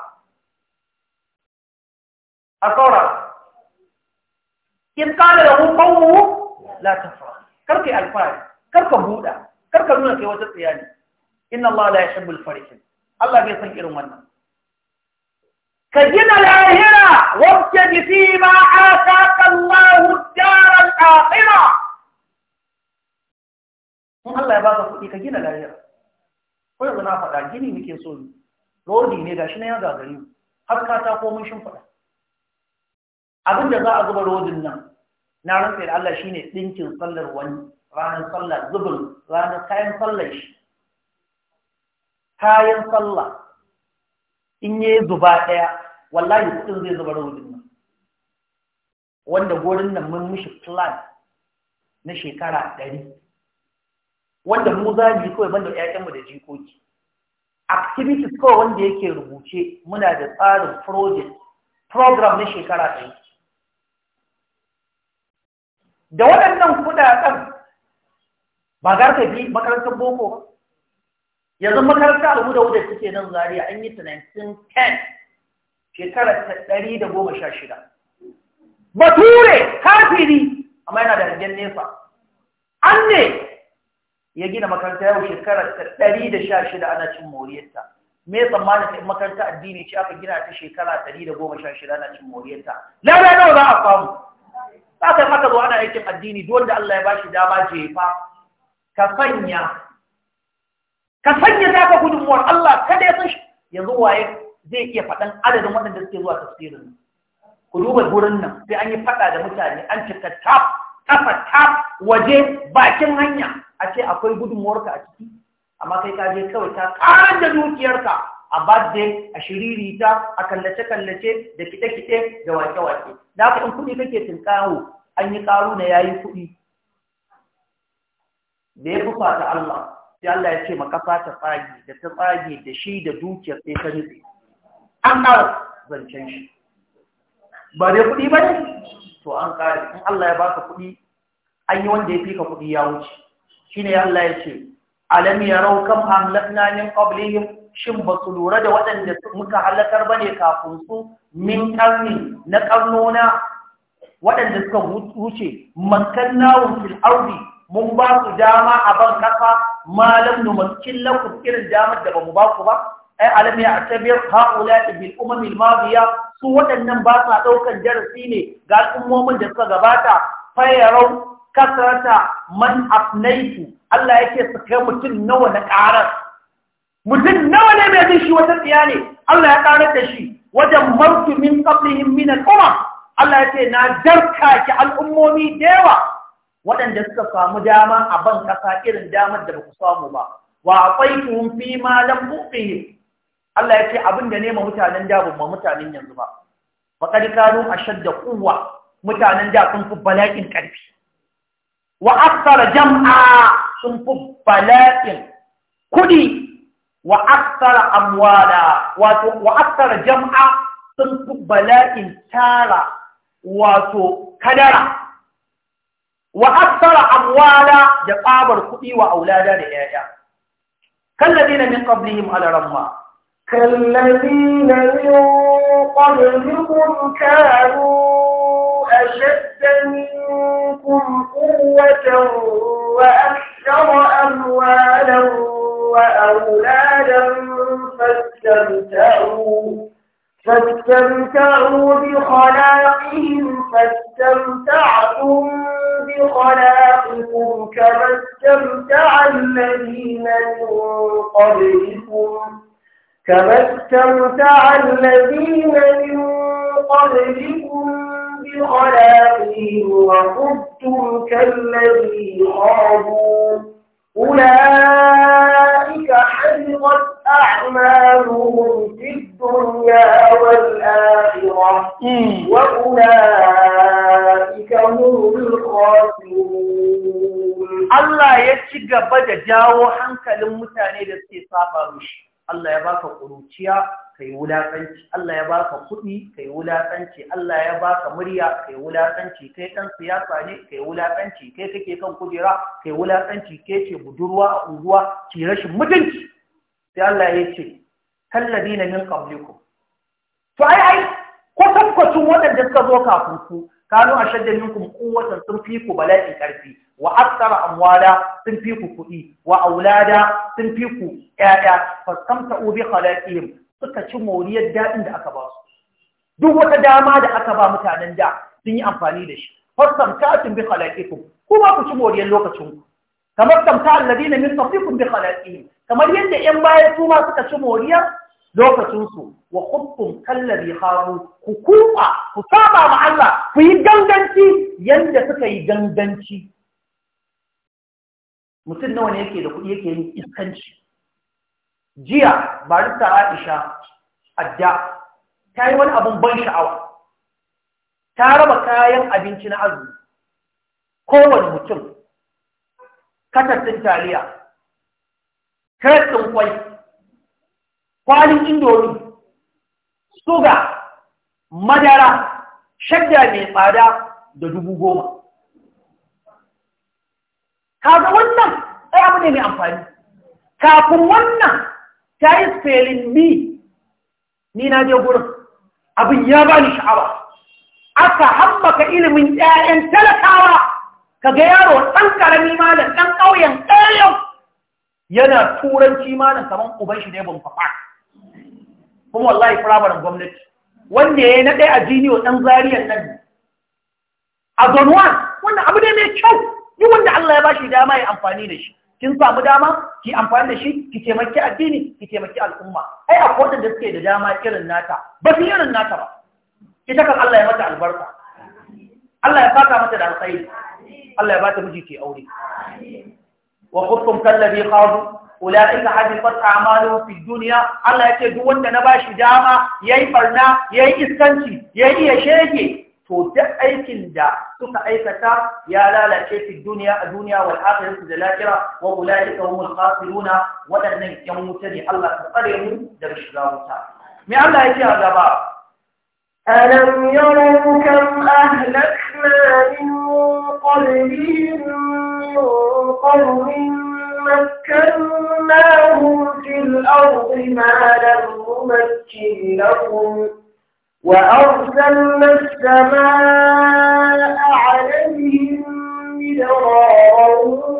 asora in kana da hukun kawo la tafra karka alfari karka buda karka nuna kai wata tsiyani inna Allah la yuhibbul farihin Allah bai san irin wannan ka gina lahira wacce ji fi ma aka Allah dar al akhira in Allah ya baka kuɗi ka gina lahira ko yanzu na faɗa gini muke so Rodi ne gashi na ya gagari har ka ta komai shin faɗa abin da za a zuba rodin nan na rantsa Allah Allah shine dinkin sallar wani ranar sallah zubin ranar kayan sallar shi kayan sallah in yi zuba ɗaya wallahi kudin zai zuba rodin nan wanda gorin nan mun mishi plan na shekara ɗari wanda mu za mu yi kawai banda ƴaƴanmu da jikoki activities kawai wanda yake rubuce muna da tsarin project program na shekara ɗari da waɗannan kudaden ba za ka bi makarantar boko ba yanzu makarantar da wadda suke nan zariya an yi ta 1910 shekarar ta ɗari da goma sha shida bature kafiri amma yana da rigen nesa an ne ya gina makaranta yau shekarar ta ɗari da sha shida ana cin moriyarta me tsammanin ta makaranta addini ce aka gina ta shekara ɗari da goma sha shida ana cin moriyarta lada nawa za a samu ba ka maka zo ana aikin addini duk wanda Allah ya bashi dama ce fa ka sanya ka sanya ta ka gudunmuwar Allah kada ya san shi yanzu waye zai iya faɗan adadin waɗanda suke zuwa tafsirin ku duba gurin nan sai an yi faɗa da mutane an cika tap, kafa tap, waje bakin hanya a ce akwai gudunmuwarka a ciki amma kai ka je kawai ta ƙarar da dukiyarka a birthday a shiririta a kallace-kallace da kite-kite da wake-wake da haka in kuɗi kake tunkaro an yi ƙaru na yayi kuɗi da ya fi fata Allah sai Allah ya ce ma ƙasa ta tsage da ta tsage da shi da dukiyar sai ta nutse an ƙara zancen shi ba dai kuɗi ba ne to an ƙare in Allah ya baka kuɗi an yi wanda ya fi ka kuɗi ya wuce Shi ne Allah ya ce alam rau kam amlakna min qablihim shin ba su lura da waɗanda muka halakar ba ne kafin su min ƙarni na ƙarnona waɗanda suka wuce makan nawun fil mun ba su dama a ban ƙasa malam numakin lakum irin damar da ba mu ba ku ba ai alam a atabir haula bil umam al su waɗannan ba sa ɗaukan darasi ne ga al'ummomin da suka gabata fayarau kasrata man afnaitu Allah yake su kai mutum nawa na ƙarar mutum nawa ne mai bin shi wata tsiya ne Allah ya karar da shi wajen martu min qablihim min al-umam Allah ya ce na darka ki al'ummomi da yawa waɗanda suka samu dama a ban kasa irin damar da ba ku samu ba wa aqaituhum fi ma lam uqihim Allah ya ce abin da ma mutanen da ba mutanen yanzu ba faqad kanu ashadda quwwa mutanen da sun fi bala'in ƙarfi wa akthara jam'a sun fi bala'in kudi wa aksara amwala wato wa aksara jam'a sun fi bala'in tara wato kadara wa aksara amwala da tsabar kuɗi wa aulada da 'ya'ya كالذين من قبلهم على رمى كالذين من قبلهم كانوا استمتعوا بخلاقهم فاستمتعتم بخلاقكم كما استمتع الذين من قبلكم كما استمتع الذين من قبلكم wulaƙanci Allah ya baka kuɗi kai wulaƙanci Allah ya baka murya kai wulaƙanci kai ɗan siyasa ne kai wulaƙanci kai kake kan kujera kai wulaƙanci kai ce budurwa a unguwa ki rashin mutunci sai Allah ya ce kalladina min qablikum to ai ai ko tabbacin waɗanda suka zo kafin ku kanu a shadda minkum kuwatan sun fi ku bala'in ƙarfi wa aksara amwala sun fi ku kuɗi wa aulada sun fi ku ƴaƴa fastamta ubi khalaqihim suka ci moriyar daɗin da aka ba su duk wata dama da aka ba mutanen da sun yi amfani da shi fasam ta tun bi khalaqikum kuma ku ci moriyar lokacin ku kamar tamta alladina min qablikum bi khalaqihim kamar yadda 'yan baya su ma suka ci moriyar lokacin su wa khubtum kallabi ku kuɓa ku saba ma Allah ku yi ganganci yanda suka yi ganganci mutum nawa ne yake da kuɗi yake yin iskanci jiya barista aisha adda ta yi wani abin ban sha'awa ta raba kayan abinci na azumi kowane mutum katattun taliya kretin kwai kwalin indomi suga madara shadda mai tsada da dubu goma kaga wannan ɗaya mu ne mai amfani kafin wannan ta yi spelling me ni na je gurin abin ya ba ni sha'awa aka haɓaka ilimin 'ya'yan talakawa ga yaro ɗan ƙarami malam ɗan ƙauyen ƙauyen yana turanci malam kamar uban shi ne bamfafa kuma wallahi firamaren gwamnati wanda ya yi na ɗaya a jiniyo ɗan zariyar nan a zone 1 wannan abu ne mai kyau yi wanda Allah ya ba shi dama ya amfani da shi kin samu dama ki amfani da shi ki taimaki addini ki taimaki al'umma ai akwai wanda suke da dama irin nata ba su irin nata ba Ki kan Allah ya mata albarka Allah ya fata mata da alkhairi Allah ya bata miji ke aure wa khuttum kallabi khadu ulaika hadifat a'maluhum fi dunya Allah ya ce duk wanda na bashi dama yayi barna yayi iskanci yayi iya shege to duk aikin da suka aikata ya lalace fi duniya a duniya wal akhirah da lakira wa ulaika humul khasiruna wadannan yan wuta ne Allah ta tsare mu daga shiga wuta me Allah yake a gaba alam yaru kam ahlakna min qablihim qawmin مكناهم في الأرض ما لم نمكن لهم وأرسلنا السماء عليهم مدرارا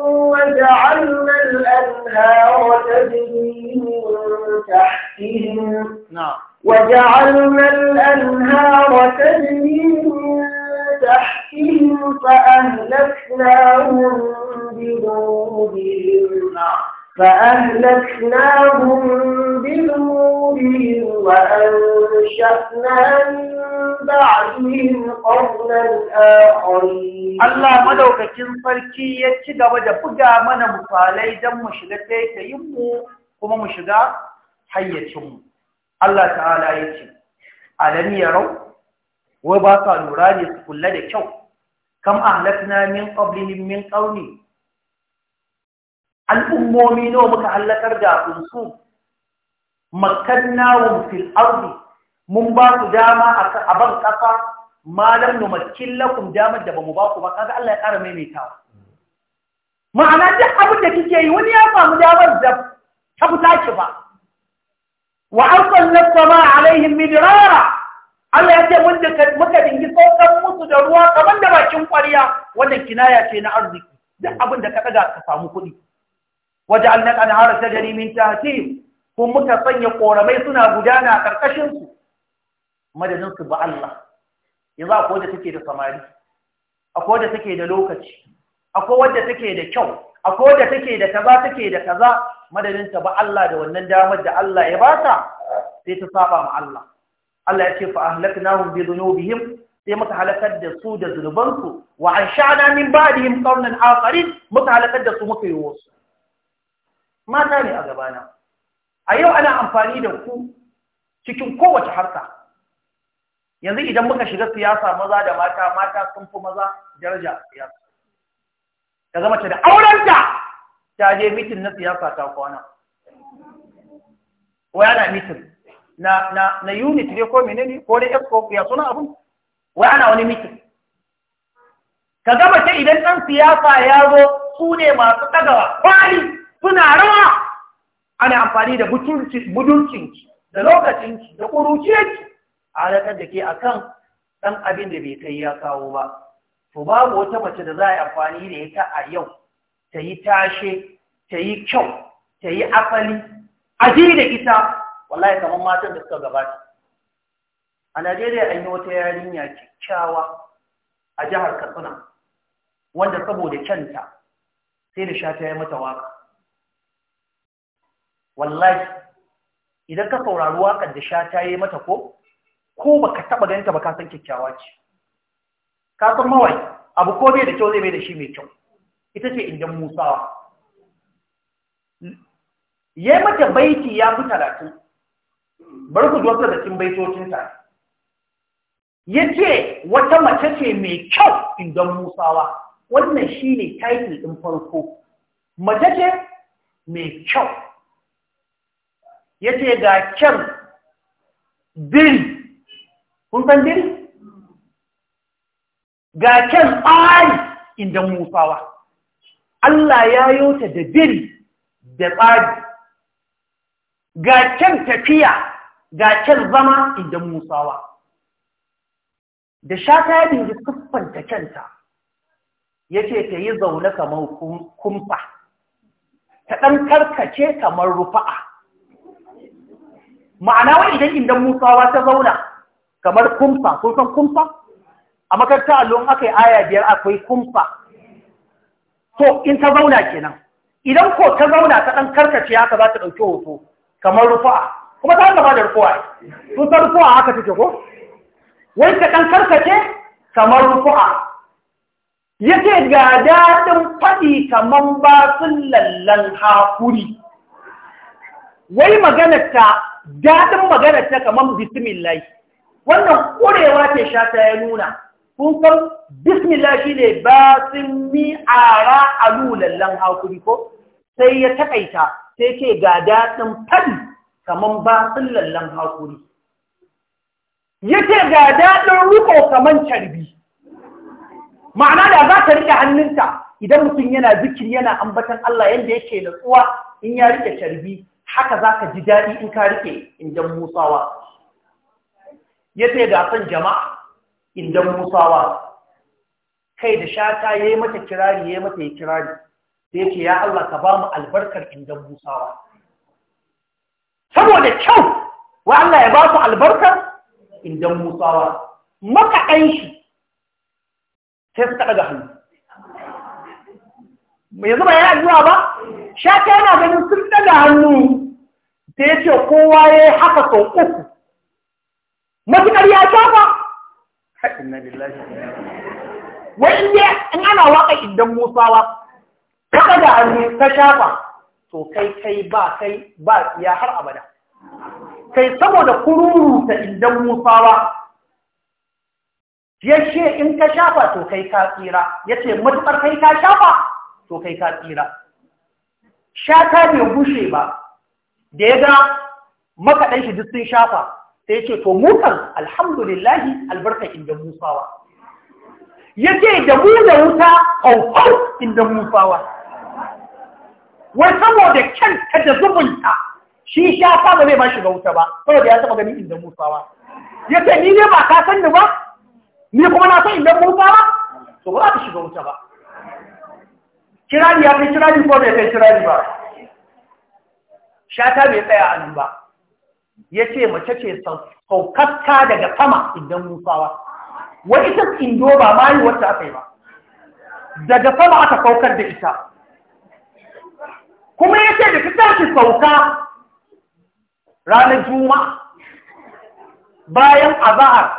وجعلنا الأنهار تجري من تحتهم نعم وجعلنا الأنهار تجري من تحتهم فأهلكناهم بذنوبهم نعم فأهلكناهم بذنوبهم وأنشأنا من بعدهم قرنا آخرين الله مدوك كنصركي يتشد وجبقى من مصالي دم شغتي تيمو كما مشغى حيتهم الله تعالى يتشد ألم يروا وباطا نراني كل ذلك كم أهلكنا من قبلهم من قومي al'ummomi nawa muka hallakar da unsu makkannawun fil ardi mun ba su dama a ban ƙasa malam numakin lakum damar da ba mu ba ku ba kaga Allah ya ƙara maimaitawa ma'ana duk abin da kike yi wani ya samu damar da ta fita ki ba وأرسلنا السماء عليهم مدرارا Allah ya ce mun da muka dingi saukan musu da ruwa kamar da bakin kwariya wannan kinaya ce na arziki duk abin da ka ɗaga ka samu kuɗi waj'alna al-anhara tajri min tahtihim kun muka sanya ƙoramai suna gudana a karkashin su madadin ba Allah yanzu akwai wanda take da samari a wanda take da lokaci a wanda take da kyau a wanda take da kaza take da kaza madadin ta ba Allah da wannan damar da Allah ya bata sai ta saba ma Allah Allah ya ce fa ahlaknahum bi dhunubihim sai muka halakar da su da zunubansu wa ansha'na min ba'dihim qarnan akharin muka halakar da su muka yi wasu mata ne a gabana a yau ana amfani da ku cikin kowace harka yanzu idan muka shiga siyasa maza da mata mata sun fi maza daraja a siyasa ta zama ce da aurenta ta je mitin na siyasa ta kwana ko yana mitin na na na unit ne ko menene ko da expo ya suna abun wai ana wani mitin ka gama ce idan ɗan siyasa ya zo su ne masu ɗagawa kwali suna rawa ana amfani da budurcinki da lokacinki da ƙuruciyarki a halakar da ke a kan ɗan abin da bai kai ya kawo ba to babu wata mace da za a yi amfani da ita a yau ta yi tashe ta yi kyau ta yi asali a ji da ita wallahi kamar matan da suka gabata a najeriya an yi wata yarinya kyakkyawa a jihar katsina wanda saboda kyanta sai da sha ta yi mata waka wallahi idan ka saurari wakar da sha ta yi mata ko ko baka taba ganta ba ka san kyakkyawa ce ka san mawai abu ko bai da kyau zai mai da shi mai kyau ita ce indan musawa yayi mata baiti ya fi talatin bar ku zuwa da cikin baitocinta ya ce wata mace ce mai kyau indan musawa wannan shine ne title ɗin farko mace ce mai kyau ya ce ga kyan biri kun san biri ga kyan tsari inda musawa Allah ya yota da biri da tsari ga kyan tafiya ga kyan zama inda musawa da shata ya dingi siffanta kyanta ya ce ta yi zaune kamar kumfa ta ɗan karkace kamar rufa'a ma'ana wai idan indan musawa ta zauna kamar kumfa, ko san kumsa a makarantar allon aka yi aya biyar akwai kumfa, to in ta zauna kenan idan ko ta zauna ta ɗan karkace haka za ta ɗauki hoto kamar rufa kuma ta hanga ba da rufa'a sun san rufa'a haka take ko wai ta ɗan karkace kamar rufa'a yake ga ɗin faɗi kamar ba sun lallan hakuri wai maganarta daɗin maganar ta kamar bismillah wannan ƙurewa ce shata ya nuna kun san bismillah shi ne ba sun mi'ara a lallan hakuri ko sai ya taƙaita sai ce ga daɗin fadi kamar ba sun lallan hakuri ya ce ga daɗin riko kamar carbi ma'ana da za ta riƙe hannunta idan mutum yana zikiri yana ambatan Allah yadda yake natsuwa in ya riƙe carbi haka za ka ji daɗi in ka rike indan musawa ya ce gasan jama'a indan musawa kai da shata ya yi mata kirari ya yi mata ya kirari ce ya Allah ka ba mu albarkar indan musawa saboda kyau wa Allah ya ba su albarkar indan musawa makaɗan shi sai suka ɗaga hannu yanzu ba ya zuwa ba shata yana ganin sun ɗaga hannu sai ya ce kowa ya yi haka sau uku matuƙar ya shafa wai ne in ana waƙa idan musawa kaɗa da hannu ta shafa to kai kai ba kai ba ya har abada kai saboda kururu ta idan musawa ya ce in ka shafa to kai ka tsira ya ce matuƙar kai ka shafa to kai ka tsira shata bai bushe ba da ya ga makaɗan shi duk sun shafa sai ce to mu kan alhamdulillahi albarka inda musawa ya ce da mu da wuta haufar inda musawa wai saboda kyanta da zubunta shi shafa ba zai ba shi ga wuta ba saboda ya taɓa ganin inda musawa ya ce ni ne ba ka san ni ba ni kuma na san inda musawa to ba za ta shiga wuta ba kirani ya kai kirani ko bai kai kirani ba shata bai tsaya a nan ba ya ce mace ce saukakka daga sama idan musawa wani ta indo ba mayu wata aka yi ba daga sama aka saukar da ita kuma ya ce da ta tashi sauka ranar juma bayan azahar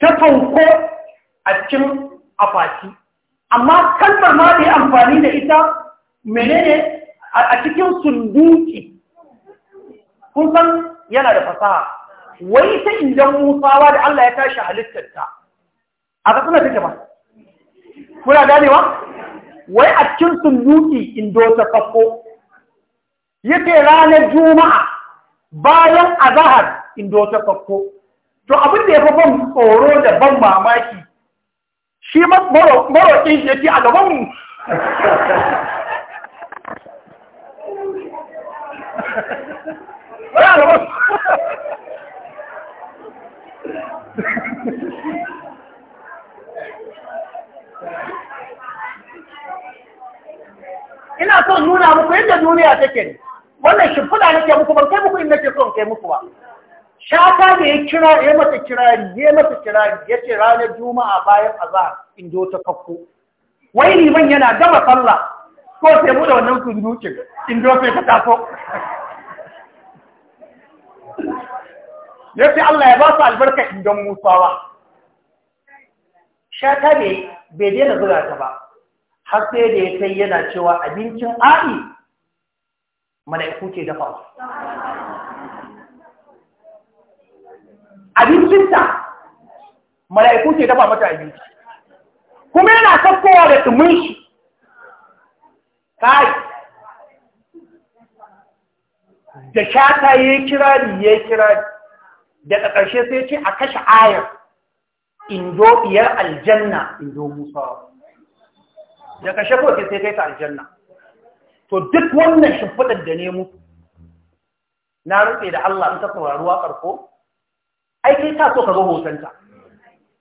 ta sauko a cikin akwati amma kalmar ma da amfani da ita menene a cikin sunduki kun san yana da fasaha wai ta idan musawa da Allah ya tashi halittarta a katsina take ba kuna ganewa wai a cikin sunduki indo ta kafo yake ranar juma'a bayan azahar indo ta kafo to abin da ya fi ban tsoro da ban mamaki shi maroƙin shi ya a gaban mu ina son nuna muku yadda duniya take ne wannan shimfiɗa nake muku ban kai muku in nake son kai muku ba shata da ya kira ya mata kirari ya mata kirari ya ce ranar juma'a bayan azhar in ji wata kakko wai liman yana gama sallah ko sai mu wannan wannan dukin in zo sai ta ya Allah ya ba su idan don musawa shata ne bai daina zura ta ba har sai da ya kai yana cewa abincin a'i mala'iku ke dafa abincinta mala'iku ke dafa mata abinci kuma yana sakkowa da tsumin shi kai da shata ya yi kirari ya yi kirari daga ƙarshe sai ce a kashe ayar Indo iyar aljanna Indo musa da ƙarshe kawai sai kai ta aljanna to duk wannan shimfiɗar da ne mutu na rutse da Allah in ka saurari waƙar ko ta so ka ga hotonta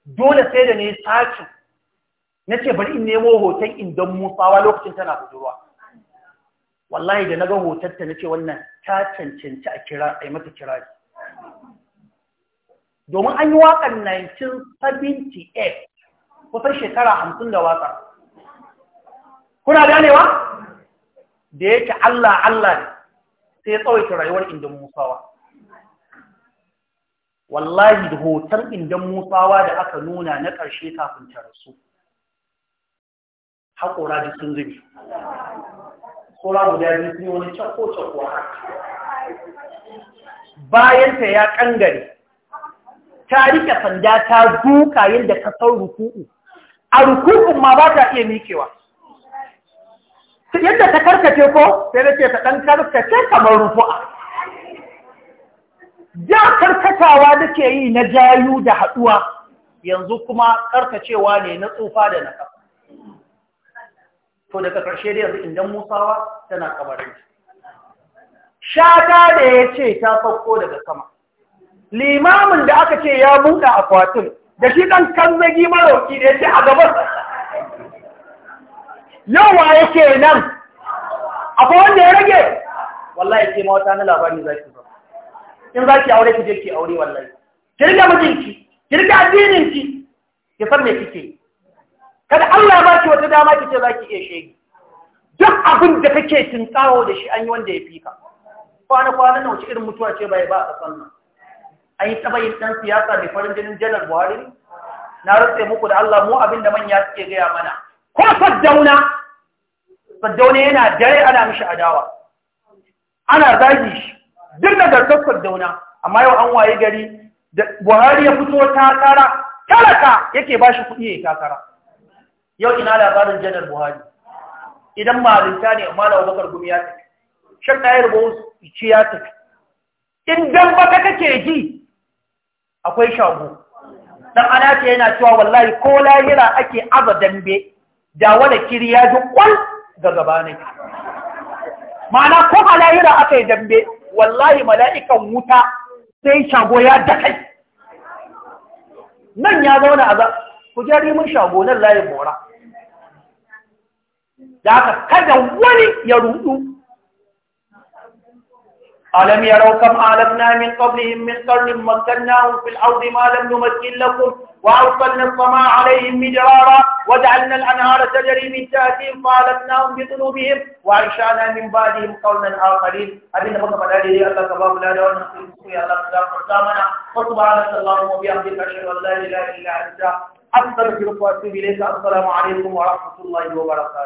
dole sai da ne sace na ce bari in nemo hoton Indon musawa lokacin tana budurwa wallahi da na ga hotarta na ce wannan ta cancanci a kira a mata kirari domin an yi waƙar 1978 kusan shekara hamsin da waƙar kuna ganewa da yake Allah Allah sai ya tsawaita rayuwar inda musawa wallahi da hotar inda musawa da aka nuna na ƙarshe kafin ta rasu haƙora da sun zubi kora guda biyu sun yi wani cakko-cakko haka bayanta ya kangare ta rike sanda ta duka yadda ka san ruku'u a ruku'un ma ba ta iya mikewa yadda ta karkace ko sai da ke ta ɗan karkace kamar rufu'a ja karkatawa da ke yi na jayu da haɗuwa yanzu kuma karkacewa ne na tsufa da na kafa to daga ƙarshe da yanzu indan musawa tana shi. shata da ya ce ta sauko daga sama limamin da aka ce ya buɗe akwatin da shi ɗan kanzagi marauki da ya ce a gabar yawa ke nan akwai wanda ya rage wallahi ke mawata na labari za ki ba in za ki aure ki je ki aure wallahi kirga mijinki kirga addininki ki san me kike kada Allah ba ki wata dama ki ce za ki iya shege duk abin da kake tinkawo da shi an yi wanda ya fi ka kwana kwana na wace irin mutuwa ce bai ba a kasan nan an yi taba dan siyasa mai farin jinin janar buhari na rutse muku da Allah mu abin da manya suke gaya mana ko saddauna saddauna yana dare ana mishi adawa ana zagi shi duk da garkar saddauna amma yau an waye gari da buhari ya fito takara talaka yake ba shi kuɗi ya yi takara yau ina labarin janar buhari idan malinta ne amma da wabakar gumi ya tafi shan ɗayar bawu ce ya tafi idan baka kake ji akwai shago dan ana ce yana cewa wallahi ko lahira ake aza dambe da wani kiri ya ji kwal ga ne ma'ana ko a lahira aka yi dambe wallahi mala'ikan wuta sai shago ya dakai nan ya zauna a za ku jari mun shago nan layin mora da kada wani ya rudu ألم يروا كم أهلكنا من قبلهم من قرن مكناهم في الأرض ما لم نمكن لكم وأرسلنا السماء عليهم مدرارا وجعلنا الأنهار تجري من تأتيهم فأهلكناهم بذنوبهم وأنشأنا من بعدهم قرنا آخرين أبينا فقط على يدي الله سبحانه لا لو أن نصيب يا الله سبحانه وتعالى وسبحانك اللهم وبحمدك أشهد أن لا إله إلا أنت أستغفرك وأتوب إليك السلام عليكم ورحمة الله وبركاته